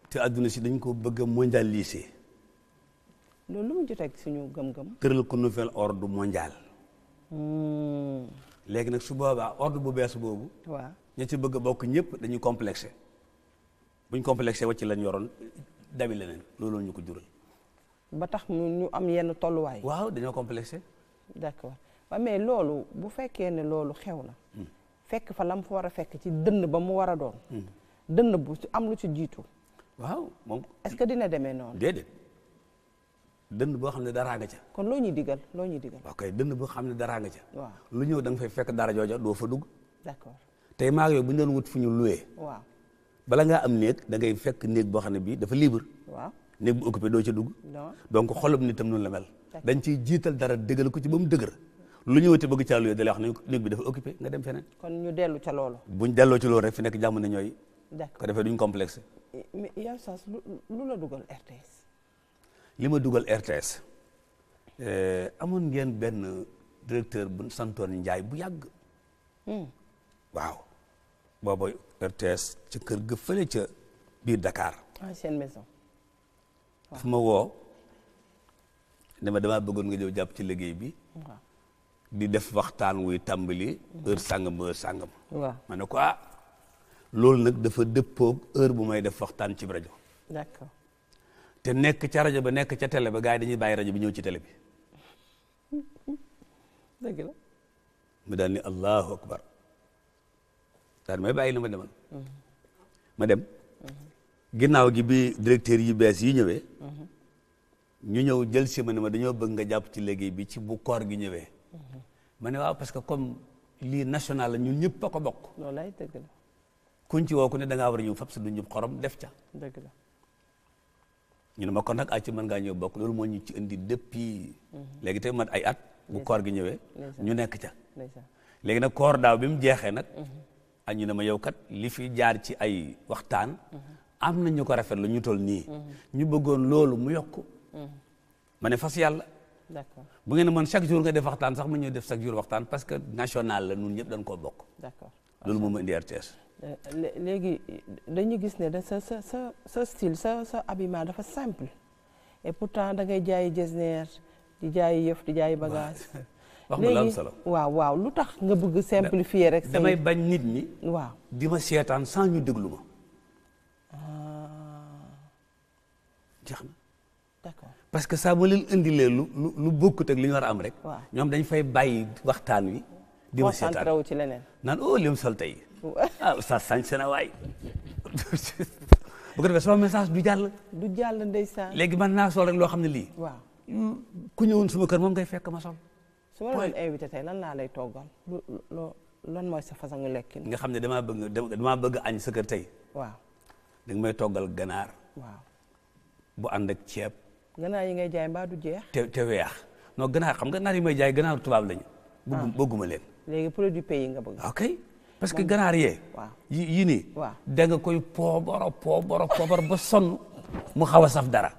te àdduna si dañ ko bëgg a mondialiser. loolu lu mu jot suñu gëm-gëm. tëral ko nouvel ordre mondial. Hmm. léegi nag su boobaa ordre bu bees boobu. waa ña ci bëgg a bokk ñëpp dañuy complexé buñ complexé wàcc lañ yoroon dabi leneen loolu ñu ko jural. ba tax ñu am yenn tolluwaay. waaw dañoo complexé. d'accord ba mais loolu bu fekkee ne loolu xew na. Hmm. fekk fa lam fa war a fekk ci dënn ba mu war a doon. Hmm. dënn bu am lu ci jiitu. waaw moom. est-ce que dina demee noonu. déedéet. dënn boo xam ne daraa nga ca. kon loo ñuy digal loo ñuy digal. ok dënd boo xam ne daraa nga ca. waaw lu ñëw da nga fay fekk dara jooja doo fa dugg. d'accord tey maa bu ñu doon wut fu ñu loué. waaw bala ngaa am néeg da ngay fekk néeg boo xam ne bii dafa libre. waaw néeg bu occupé doo ca dugg. donc xolub tam noonu la mel. dañ ciy jiital dara dëggal ko ci ba mu dëgër. lu ñu wute bëgg caa loué dalay wax ne néeg bi dafa occupé nga dem feneen. kon ñu dellu ca loolu. buñ delloo ci loolu rek fi nekk jàmm ñooy. d'accord ko defee duñ complexe. mais yow Sass lu la dugal RTS li ma dugal RTS eh, amoon ngeen benn directeur bu santoon Njaay bu yàgg. Hmm. waaw booba RTS ca kër ga fële ca biir dakaar ancienne ah, maison. dafa ma woo dama damaa bëggoon nga ñëw jàpp ci liggéey bi. di def waxtaan wuy tàmbali. heure sàngam heure sàngam. waaw ko ah loolu nag dafa dëppoog heure bu may def waxtaan ci rajo. te nekk ca rajo ba nekk ca tele ba gars yi dañuy bàyyi rajo bi ñëw ci télé bi dëgg la allahu akbar daal may bàyyi li ma demal mm-hmm. ma dem mm-hmm. ginnaaw gi bi directeur yu bees yi ñëwee mm-hmm. ñu ñëw jël si ma ne ma dañoo bëgg nga jàpp ci liggéey bi ci bu koor gi ñëwee ma ne waaw parce que comme lii national la ñun ñëpp a ko bokk loolaay woo ku ne da ngaa war a ñëw fab sa du ñëpp xorom def ca ñu ne ma kon nag ci mën ngaa ñëw bokk loolu moo ñu ci indi depuis. Mhm. léegi tey mat ay at. bu koor gi ñëwee. ñu nekk ca. léegi nag koor daaw bi mu jeexee nag. Mhm. a ñu ne ma yow kat li fi jaar ci ay waxtaan. Mhm. am na ñu ko rafet la ñu toll nii. ñu bëggoon loolu mu yokk. ma ne fas yàlla. d'accord bu ngeen man chaque jour nga def waxtaan sax ma ñëw def chaque jour waxtaan parce que national la ñun ñëpp dañ koo bokk. d'accord loolu moom ma indi RTS. Euh, léegi dañu gis ne sa sa sa sa style sa sa habillement dafa simple et pourtant da ngay jaayi jesneer di jaayi yëf di jaayi bagage. wax nga laam solo waaw waaw lu tax nga bëgg simplifier rek. damay bañ nit ñi. waaw di seetaan sans ñu déglu ma. Ah. jeex na. d'accord que saa ma leen indilee lu lu lu bokkut ak li ñu war a am rek. waaw ñoom dañ fay bàyyi waxtaan wi. di ma seetaan wu ci sol tey ah oustaz sañse bu ko du jàll. du jàll léegi man naa sol rek loo xam ne lii. waaw ku ñëwoon suma kër moom ngay fekk ma sol. su ma la doon invité tey lan laa lay toggal lu loo lan mooy sa façon nga lekkin. nga xam ne damaa bëgg damaa bëgg añ sa kër tey. waaw da nga may toggal ganaar. waaw bu ànd ak ceeb. ganaar yi ngay jaay mbaa du jeex. te weex non ganaar xam nga naar yi may jaay ganaaru tubaab lañu. bëgguma leen. léegi produit pays nga bëgg. ok parce que ganaar yee. yi nii. da nga koy pooboro pooboro pooboro ba sonn mu xaw saf dara.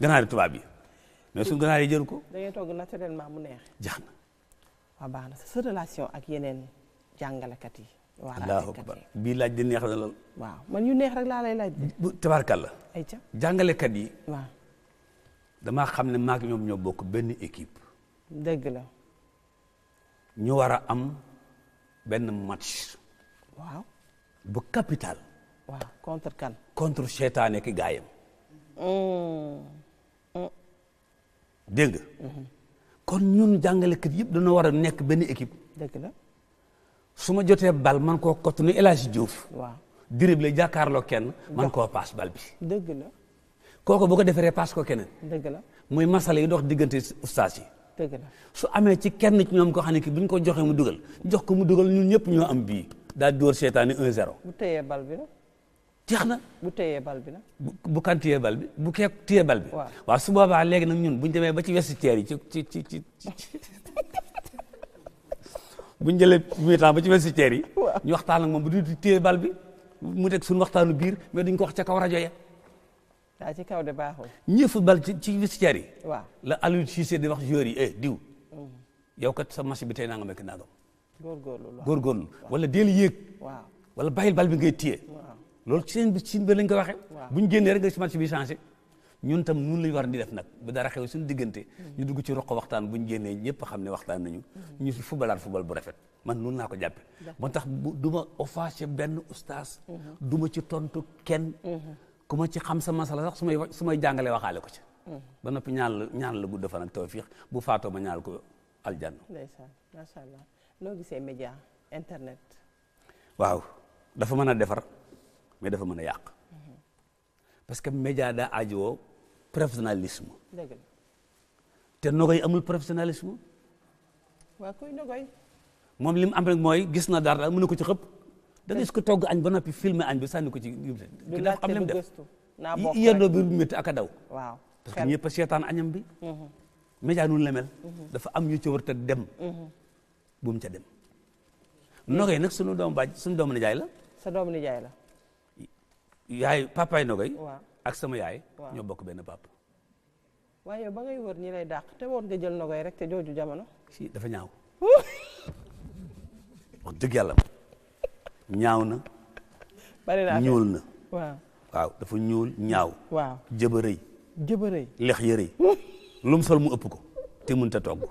ganaar yi tubaab yi mais suñu Jangan. yi jël ko. da ngay togg naturellement mu neex. jeex na. waaw sa relation ak yeneen jàngalekat yi. allahu akbar bii laaj di neex na lool. waaw man ñu neex rek laa lay laaj. bu tabaarkàlla. ayca jàngalekat yi. waaw damaa xam ne maak ñoo bokk équipe. la. ñu war a am benn match. waaw bu capital. waaw contre kan. contre seetaane ki gaayam. Mm. Mm. dégg nga. Mm-hmm. kon ñun jàngalekat yëpp dañoo war a nekk benn équipe. dëgg la. su ma jotee bal man koo kottu ni El Hadj Diouf. waaw dribble jàkkaarloo kenn man koo paas bal bi. dëgg la. kooku bu ko deferee paas ko keneen. dëgg la muy masala yi dox diggante ustaas su amee ci kenn ci ñoom ko xam ne ki buñ ko joxee mu dugal jox ko mu dugal ñun ñëpp ñoo am bii daal door seetaani 1 0 bu téyee bal bi la. jeex na bu téyee bal bi la. bu kan téyee bal bi bu kee téyee bal bi waaw su boobaa léegi nag ñun buñ demee ba ci vestiaire yi ci ci ci ci buñ jëlee mi-temps ba ci vestiaire yi ñu waxtaan ak moom bu du téyee bal bi mu teg suñu waxtaanu biir mais duñ ko wax ca kaw rajo ya ah ci kaw de baaxul. ñii football ci ci vestiaire yi. waaw la Aliou Cissé di wax joueur yi eh diw. Mm. yow kat sa match bi tey nangam ak nangam. góorgóorlu waaw góorgóorlu wala deel yéeg. waaw wala bàyyil bal bi ngay téye. waaw loolu ci seen siin ba lañ ko waxee. waaw ñu génnee ci match bi changé. tam nun lañ war di def nag bu dara xew diggante. Mm. ñu dugg ci roq waxtaan bu ñu génnee ñëpp xam ne waxtaan nañu. Mm. ñu fi footballaat football bu rafet. man noonu naa ko jàppe moo tax du ma offensé benn oustaz. Mm-hmm. du ma tontu kenn. Mm-hmm. ku ma ci xam sa masala sax su may su may jàngalee waxaale ko ci. Mm. ba noppi ñaan la ñaan la fan ak bu faatoo ma ñaan ko aljanna. ndeysaan macha allah noo gisee média internet. waaw dafa mën a defar mais dafa man a yàq. Mm-hmm. parce que média daa aajowoo te nogoy amul professionnalisme. waaw kuy nogoy. moom li mu mooy gis na dara daal mënu ko ci xëpp. da ngay ko togg añ ba noppi filmé añ bi sànni ko ci. ki dafa xam li mu def naa bokk yendoo bi métti ak a daw. waaw parce que ñëpp a añam bi. média nun la mel. Mhm. dafa am ñu ci wër te dem. Mhm. bu mu ca dem. nogay nag sunu doomu baaj sunu doomu nijaay la. sa doomu nijaay la. yaay papaay nogay. ak sama yaay. ñoo bokk benn papa. waaye ya ba ngay wër ñi lay dàq te woon nga jël nogay rek te jooju jamono. si dafa ñaaw. wax dëgg yàlla ñaaw na ñuul na waaw waaw dafa ñuul ñaaw waaw jëba rëy jëba lex ya lum sol mu ëpp ko te ta togg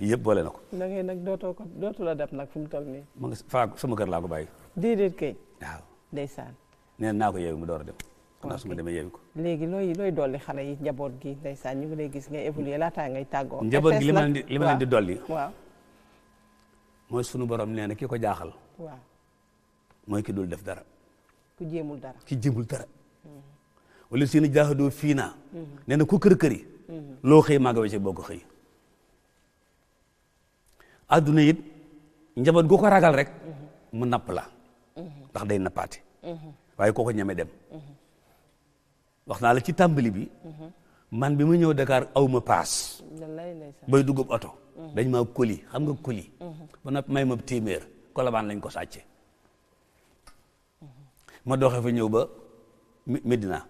yëpp boole na ko da ngay nag dootoo ko dootu la dab nag Wow. mu toll nii ma nga faa sama kër laa ko bàyyi déedéet kay waaw ndeysaan nee naa ko yeewi mu door a dem xanaa suma ma demee yeewi ko léegi looy looy dolli xale yi njaboot gi ndeysaan ñu ngi lay gis nga évoluer laataa ngay tàggoo njaboot gi li ma leen di dolli waaw mooy sunu borom nee na ki ko jaaxal. waaw mooy ki dul def dara. ki jéemul dara ki jéemul dara. Mm-hmm. wala seen jaahadoo fii naa. Mm-hmm. nee na ku kër kër yi. Mm-hmm. loo xëy maa nga boo ko xëy. ragal rek. mu napp la. ndax day nappaate. waaye koo ko ñeme dem. wax la ci tàmbali bi. man bi ma ñëw Dakar aw ma paas. bay dugub oto. dañ maa koli xam nga koli. ba noppi may ma téeméer kolobaan lañ ko sàcce ma doxe fa ñëw ba Medina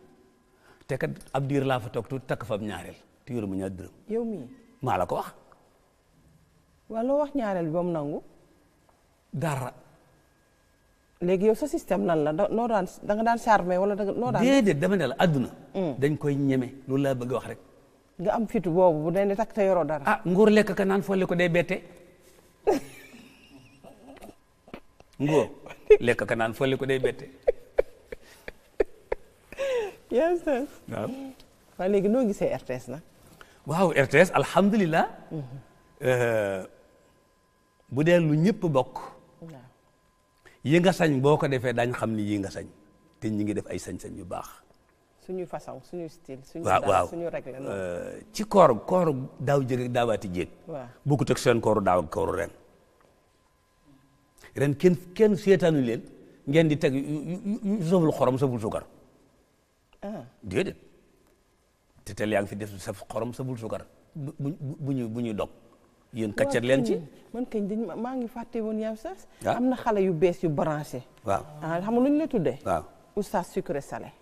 te kat ab diir laa fa toog tuuti takk fa ab ñaareel te yoruma ñaar dërëm. yow mii maa la ko wax. waaw loo wax ñaareel bi ba mu nangu. dara. léegi yow sa système lan la da noo daan da nga daan charmer wala da la adduna. Mm. dañ koy ñeme loolu laa bëgg wax rek. nga am fitu boobu bu dee ne takk te yoroo dara. Ah, nguur lekk ka naan folle ko day bette. ngóo lekk ka naan fole ko day bette. yes waaw. waaw léegi noo gisee RTS nag. waaw RTS alhamdulilah. Mm-hmm. Euh, bu dee lu ñëpp bokk. yi nga sañ boo ko defee daañ xam ni yi nga sañ te ñi ngi def ay sañ-sañ yu baax. suñu façon suñu style. suñu waaw suñu règle euh, ci koor koor daaw jéeg daawaati jéeg. waaw bokkut ak seen kooru daaw ak kooru ren. ren kenn kenn seetaanu leen ngeen di teg yu saful xorom saful sukar. ah déedéet. te teel yaa ngi fi def saf xorom saful sukar bu bu bu ñuy dog. yéen kaccat leen ci man kañ dañ maa ngi fàtte woon yow sax. Ah. am na xale yu bees yu branché. waaw ah xam nga lu ñu la tuddee. waaw oustaz sucré salé.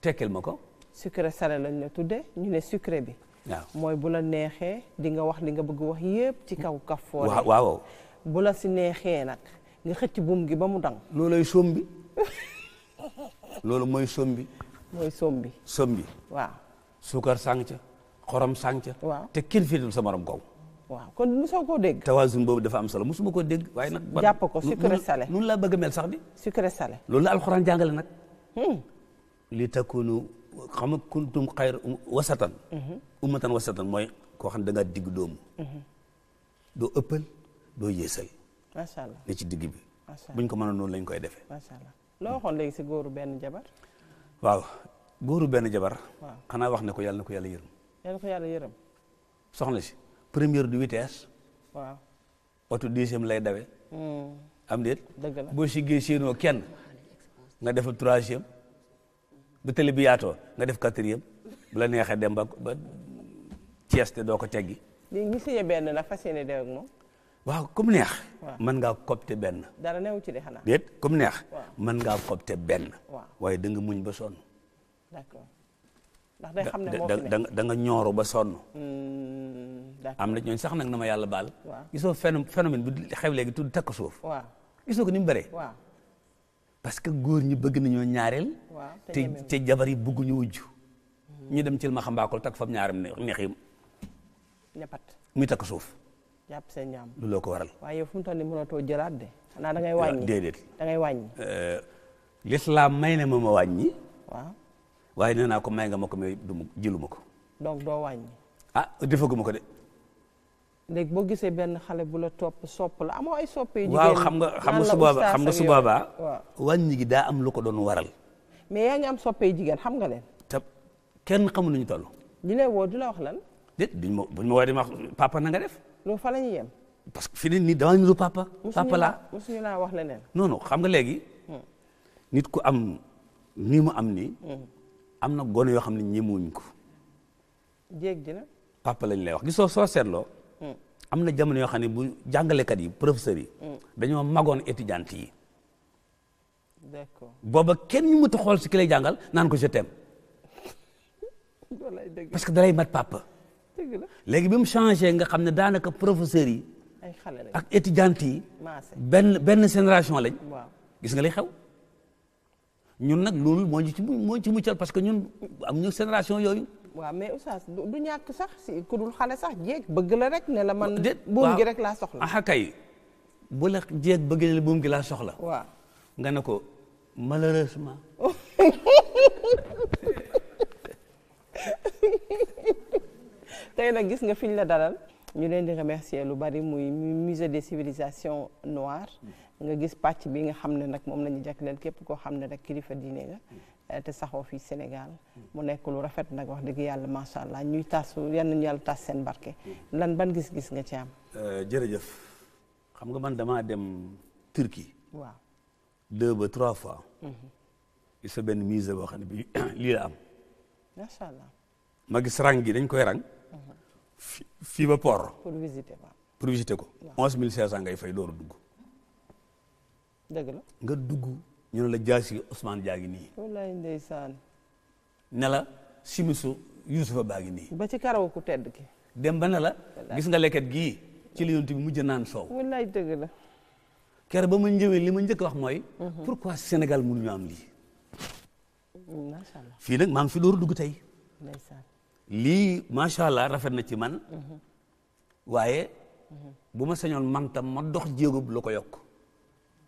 tekkeel ma ko. sucré salé lañ la tuddé ñu né sucre bi. waaw moy bu la nexé di nga wax li nga bëgg wax yépp ci kaw kafoore. waaw waaw. bu la si nexé nak nga xëc buum gi ba mu dang. lolay sombi lolou moy sombi. moy sombi. sombi waaw. sucre sang ca xorom sang ca. waaw te kenn féetul sa morom kaw. waaw kon mosoo ko dégg. tawazun bobu dafa am solo mosuma ko dégg. waaye nak japp ko sucre salé. nun la bëgg mel sax bi. sucre salé. lolou alcorane jangale nak hmm. li takunu xam kuntum xayr um-, wasatan mhm. ummatan wasatan mooy koo xam ne da ngaa digg doomu mhm. doo ëppal doo yéesal macha allah ne ci digg bi buñ ko mën a noonu koy defee macha allah loo waxoon si góoru benn jabar waaw góoru benn jabar xanaa wax ne ko yàlla na ko yàlla yërëm yàlla na ko yàlla yërëm soxna du vitesse waaw oto dixième dawe hmm. am déet dëgg la boo siggee séenoo kenn nga defal troisième ba télé bi yaatoo nga def quatrième bu la neexee dem ba ba Thiès te doo ko teggi. benn nag fas yéene waaw comme neex. mën nga copte benn. dara newu ci de xanaa. déet comme neex. mën ngaa copte waaye da nga muñ ba sonn. d'accord ndax day xam ne da da nga ñooru ba sonn. Hmm, am na ñooñ sax nag na ma yàlla baal. waaw gisoo phénomène bu xew léegi tudd takk suuf. waaw gisoo ko ni mu parce que góor ñi bëgg nañoo ñaareel. te te jabar yi bëgguñu wujj. ñu dem ci ma xam mbaakol takk fam ñaaram neex yi. ñapat muy takk suuf. jàpp seen ñaam lu loo ko waral. waaye yow fu mu toll nii mënatoo jëlaat de. xanaa da ngay wàññi déedéet da ngay euh, lislaam may na ma waañ wàññi. waaw waaye naa ko may nga ma ko mais du ma jëlu ma ko. donc doo wàññi. ah ko de. léegi boo gisee benn xale bu la topp sopp la amoo ay soppe yu jigéen waaw xam nga xam nga su boobaa xam nga su boobaa wàññi gi daa am lu ko doon waral mais yaa ngi am soppe yu jigeen xam nga leen te kenn xamul ñu toll di lay woo di la wax lan déet buñ ma buñ ma wax papa na nga def loolu fa la ñuy yem ni que fi ne nii dama niru papa papa laa mosuñu laa wax leneen non xam nga léegi hmm. ku am nii mu am nii hmm. na gone yoo xam ne ñemewuñ ko jéeg dina papa lañ lay wax gisoo soo seetloo am na jamono yoo xam ne bu jàngalekat yi professeurs yi. dañoo magoon étudiante yi. d'accord booba kenn ñu mënut a xool si ki lay jàngal naan ko je t'aime. parce que dalay mat papa. dëgg la léegi bi mu changé nga xam ne daanaka professeurs yi. ay xale ak étudiante yi. benn benn génération lañ. waaw gis nga lay xew. ñun nag loolu moo ñu ci moo ñu ci muccal que ñun am ñu génération yooyu. waaw mais oustaz du ñàkk sax si ku dul xale sax jéeg bëgg la rek ne la man. déet buum gi rek laa soxla. ah kay bu la jéeg bëgg la buum gi laa soxla. waaw nga ne ko malheureusement. tey nag gis nga fiñ la dalal ñu leen di remercier lu bari muy musée des civilisations noires mm. nga gis pàcc bi nga xam ne nag moom la jàkk leen képp koo xam ne rek kilifa diine nga mm. Eh, te saxo fi Sénégal mu nek lu rafet nak wax deug yalla ma sha allah ñuy tassu yenn ñu yalla tass sen barke. lan ban gis-gis nga ci am. euh jërëjëf xam nga man dama dem turki wa deux ba trois fois. hmm nga benn musée boo xam ne bi li la am. ma sha allah. ma gis rang gi dañ koy rang. Mhm. fi ba port. pour visiter ba pour visiter ko. 11500 ngay fay door dugg. deug la nga dugg. ñu ne la jaasi Ousmane jaa ngi nii. wallaay ndeysaan. la simisu Yuusufa baa ngi nii. ba ci karaw ku tedd ki. dem ba ne la gis nga leket gii ci la yonent mujj naan soow. wallaay la. kere ba ma ñëwee li ma njëkk wax mooy. Mhm. pourquoi Sénégal mënuñu am lii. Mm, fii nag maa ngi fi door dugg tey. lii macha allah rafet na ci man. Mhm. waaye mhm. bu ma sañoon man ma dox jéego bu la ko yokk.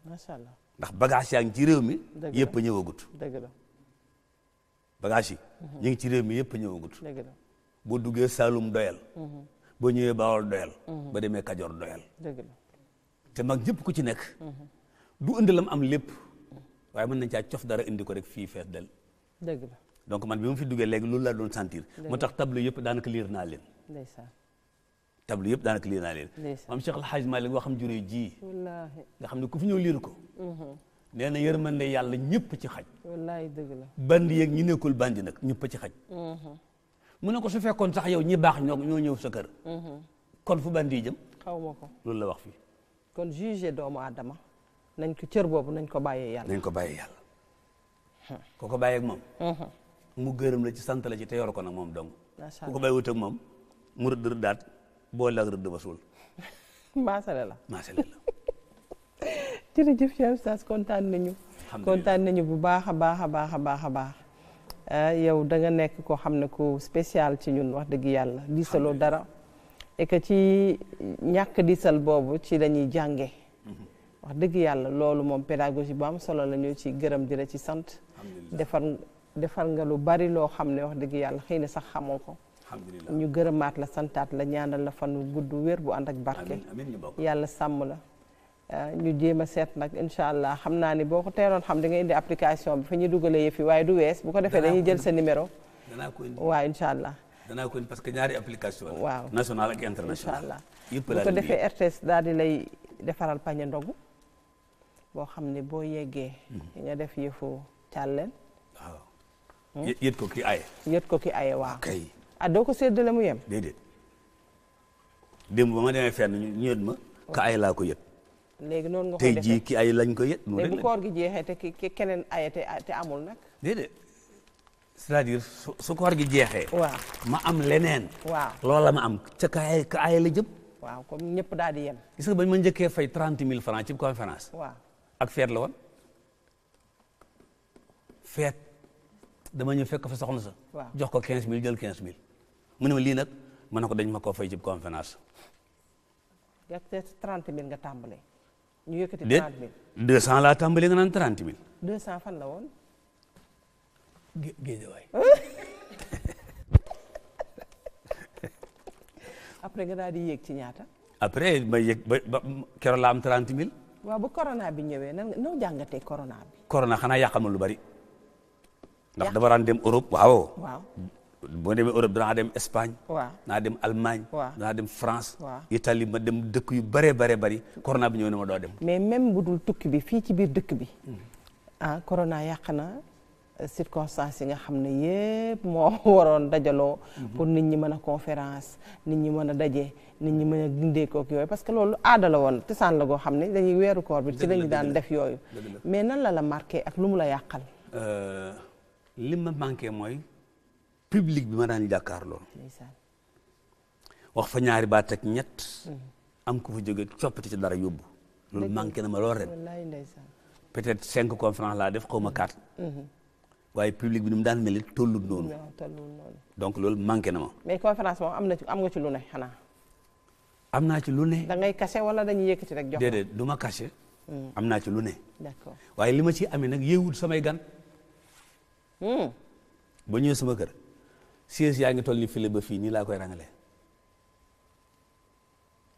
macha ndax bagage yaa ngi ci réew mi. yëpp a ñëwagut. dëgg la bagage yi. Mhm. ñu ngi ci réew mi yëpp a ñëwagut. dëgg la boo duggee Saalum doyal. Mhm. boo ñëwee Bawol doyal. Mhm. ba demee Kajoor doyal. dëgg te mag ñëpp ku ci nekk. du indi lam am lépp waaye mën nañ caa cof dara indi ko rek fi fees del. donc man bi ma fi duggee léegi loolu laa doon sentir. moo tax tableau yëpp daanaka liir naa leen. ndeysaan. tableau yëpp daanaka lii naa leen maam Cheikh El Hadj Malick waxam juree ji wallaahi nga xam ne ku fi ñëw liir ko nee na yërmande yàlla ñëpp ci xaj band yeeg ñi nekkul bandi nag ñëpp ci xaj mu ne ko su fekkoon sax yow ñi baax ñoo ñoo ñëw sa kër kon fu bandi jëm xawma ko loolu la wax fii kon jugé doomu adama nañ ko cër boobu nañ ko bàyyee yàlla nañ ko bàyyee yàlla ko ko ak moom mu gërëm la ci sant la ci te yor ko nag moom dong ku ko bàyyi wut ak moom mu rëdd rëddaat boo laag rëdd ba suul. maasale la maasale la. jërëjëf Cheikh Oustaz kontaan nañu. kontaan nañu bu baax a baax a baax a baax a baax. Eh, yow da nekk koo xam ne ku spécial ci ñun wax dëgg yàlla diisaloo dara. et ci ñàkk diisal boobu ci la ñuy jànge mm-hmm. wax dëgg yàlla loolu moom pédagogie bu am solo la ci gërëm di ci sant. defar nga lu bari loo xam ne wax dëgg yàlla xëy na sax xamoo ko. alhamdulilah ñu gërëmaat la santat la ñaanal la fan guddu wër bu ànd ak barke yàlla sàmm la euh, ñu jéem sét nak inshallah xamna ni boko téron xam di nga indi application bi fa ñi duggalé yefi yi du wess bu ko défé dañuy jël sa numéro waaw incha allah danaa ko indi parce que ñaari application waaw nationale ak international incha allah bu ko défé RTS dal di lay défaral pañe ndogu boo xam ne boo yeggee mhm. nga def yefu càlleen waaw hmm? yët ko ki ay yët ko ki aye waaw ah doo ko séddale mu yem. déedéet démb ba ma demee fenn ñu yët ma. ka ay laa ko yët. léegi noonu nga ko defee ki ay lañ ko yët. léegi bu gi jeexee te keneen ay te amul nag. déedéet cest à su koor gi jeexee. waaw ma am leneen. waaw loola ma am ca ka ay ka la jëm. waaw comme ñëpp daal di yem. gis nga bañ ma njëkkee fay trente mille francs ci conférence. waaw ak feet la woon. feet dama ñëw fekk fa soxna sa. jox ko quinze mille jël quinze mille. mu ne ma lii nag ma ne ko dañ ma koo fay ci conférence. yaa ngi seet nga tàmbalee. ñu yëkkati 30 200 laa tàmbalee nga naan 30 200 fan la woon. gé après nga daal di ci ñaata. après ma yéeg ba ba la am bu corona bi ñëwee nan nga noo corona bi. corona xanaa yàqal ma lu bari. ndax dafa daan dem Europe waaw boo demee Europe danaa dem Espagne. naa dem Allemagne. waaw danaa dem France. waaw Italie ma dem dëkk yu bare bare bari. corona bi ñëw na ma doo dem. mais même bu dul tukki bi fii ci biir dëkk bi. ah corona yàq na euh, circonstances yi nga xam ne yëpp moo waroon dajaloo. pour nit ñi mën a conférence nit ñi mën a daje nit ñi mën a gindeekoo ak yooyu parce que loolu aada la woon tisaan la goo xam ne dañuy weeru koor bi ci lañu daan def yooyu. mais nan la la marqué ak lu mu la yàqal. Euh, li ma manqué mooy. public bi ma daan jàkkaar lool wax fa ñaari baat ak ñett hmm. am ku fa jóge coppite ci dara yóbbu loolu manqué na ma lool ren peut-être cinq conférences laa def xaw ma quatre hmm. waaye public bi ni mu daan mel ni tollut noonu donc loolu manqué na ma mais conférence am na ci am nga ci lu ne xanaa am naa ci lu ne da ngay caché wala dañuy yëkkati rek jox déedéet du ma caché hmm. am naa ci lu ne d'accord waaye li ma ci amee nag yéewut samay gan ba ñëwee kër siège yaa ngi toll ni file ba fii ni laa koy rangalee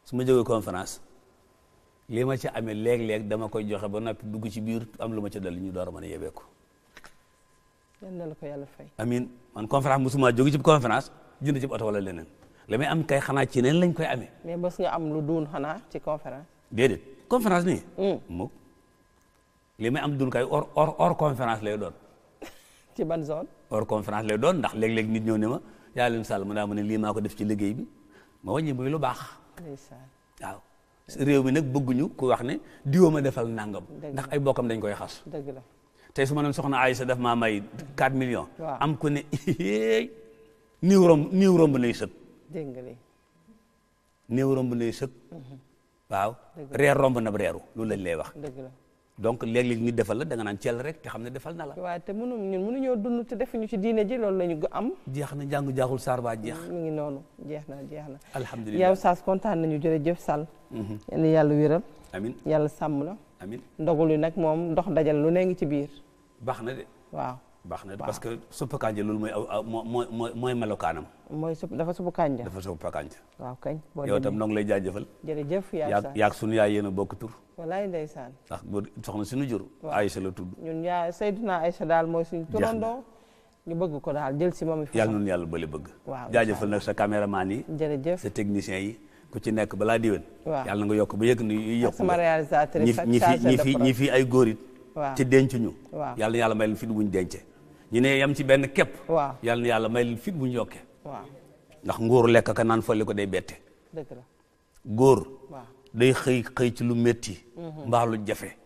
su ma jógee conference li ma ci amee léeg-léeg dama koy joxe ba noppi dugg ci biir am lu ma ca dal li ñu door a mën a yebeeku yàlla ko yàlla fay. amiin man conférence musuma jóge ci conférence jënd ci oto wala leneen la may am kay xanaa ci neen lañ koy amee. mais bës nga am lu duun xanaa ci conférence. déedéet conférence nii. Mm. mukk li am duun kay or or or conférence lay doon. ban zone. hors conférence lay doon ndax léeg-léeg nit ñëw ne ma yaa leen sàll mu daa ma ne lii maa ko def ci liggéey bi ma wàññi muy lu baax waaw réew mi nag bëgguñu ku wax ne diwoo ma defal nangam ndax ay bokkam dañ koy xas dëgg la tey su ma doon soxna Ayisa daf maa may 4 millions am ku ne niw romb niw romb nga niw romb nay sëg mhm. waaw reer romb na reeru loolu lañ lay wax donc léeg-léeg nit defal la da nga naan ceel rek te xam ne defal na la. waaw te mënu ñun mënuñoo dund te ñu ci diine ji loolu la ñu am. jeex na jàngu jaaxul saar baa jeex. mu ngi noonu jeex na jeex na. alhamdulilah Saas kontaan nañu jërëjëf Sall. Mhm. yal na yàlla wéral. amin yàlla sàmm la. amin ndogalu nag moom ndox dajal lu ne ngi ci biir. baax na de waaw. baax na parce que suppu kànja loolu mooy mooy mooy mooy melokaanam. mooy supp dafa suppu kànja. dafa suppu kànja. waaw kañ yow tam noo ngi lay jaajëfal. jërëjëf yaa sunu yaay yéen a bokk tur. walaay ndeysaan. ndax soxna suñu jur. Aïcha la tudd. ñun yaa Seydina Aïcha daal mooy suñu turandoo. ñu bëgg ko da jël si moom. yàlla nun yàlla bële bëgg. waaw jaajëfal nag sa caméraman yi. jërëjëf sa technicien yi. ku ci nekk balaa diwén. waaw yàlla nga yokk ba yëg ni yuy yokk. sama réalisatrice ñi fi ñi fi ay góor it. may fi nu buñ dencee ñu ne yam ci benn képp. yàlla yal na yàlla may leen fit bu ñu ndax ngóor lekk ka naan fële ko day bette. dëgg góor. day xëy xëy ci lu métti. mbaa lu jafe.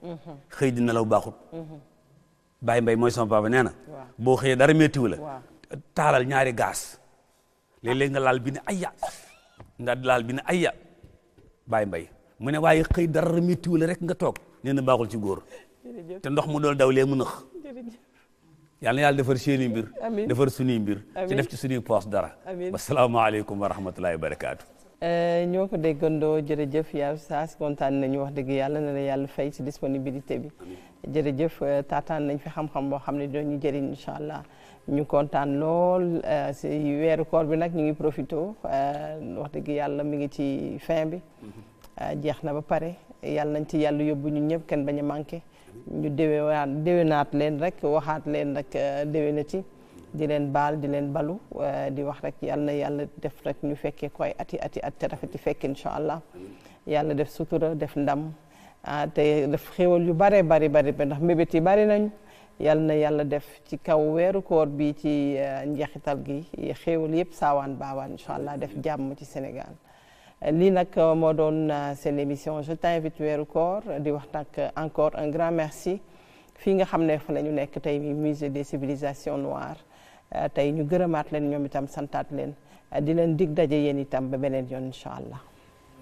xëy di nelaw baaxut. Baye mbay mooy sama papa nee na. boo xëyee dara metti la. taalal ñaari gaas. léeg-léeg nga laal bi ne ayya nga laal bi ne ayya Baye mbay mu ne waaye xëy dara metti la rek nga toog nee na baaxul ci góor. te ndox mu doon daw lee mu nëx. yal na yàlla defar seeni mbir defar suñuy mbir ci def ci suñuy poos dara wasalaamaaleykum wa rahmatulahi wa barakaatu eh, ñoo ko déggandoo jërëjëf yaa saas kontaan nañu wax dëgg yàlla na la yàlla fay si disponibilité bi jërëjëf eh, taataan nañ fi xam-xam boo xam ne doon ñu jëriñ incha allah ñu kontaan lool si eh, weeru koor bi nag ñu ngi profité wax dëgg yàlla mi ngi ci fin bi mm-hmm. jeex na ba pare yàlla nañ ci yàlla yóbbu ñun ñëpp kenn bañ manqué ñu déwéwaat déwénaat leen rek waxaat leen rek euh, déwénati di leen baal di leen balu euh, di wax rek yàlla na yàlla def rek ñu fekkee koy ati ati at te rafeti fekk incha allah yàlla def sutura def ndam ah te def xéwal yu bare bari bari ba ndax mbébét yi bari nañu yàlla na yàlla def ci kaw weeru koor bi ci euh, njeexital gi xéwal yëpp saawaan baawaan incha allah def jàmm ci Sénégal Lina nag moo doon euh, seen émission je t'invite le corps. di wax nag encore un grand merci fii nga xam ne fa la ñu nekk tey des civilisations noires euh, tey ñu gërëmaat leen ñoom itam santaat leen euh, di leen dig daje yéen itam ba beneen yoon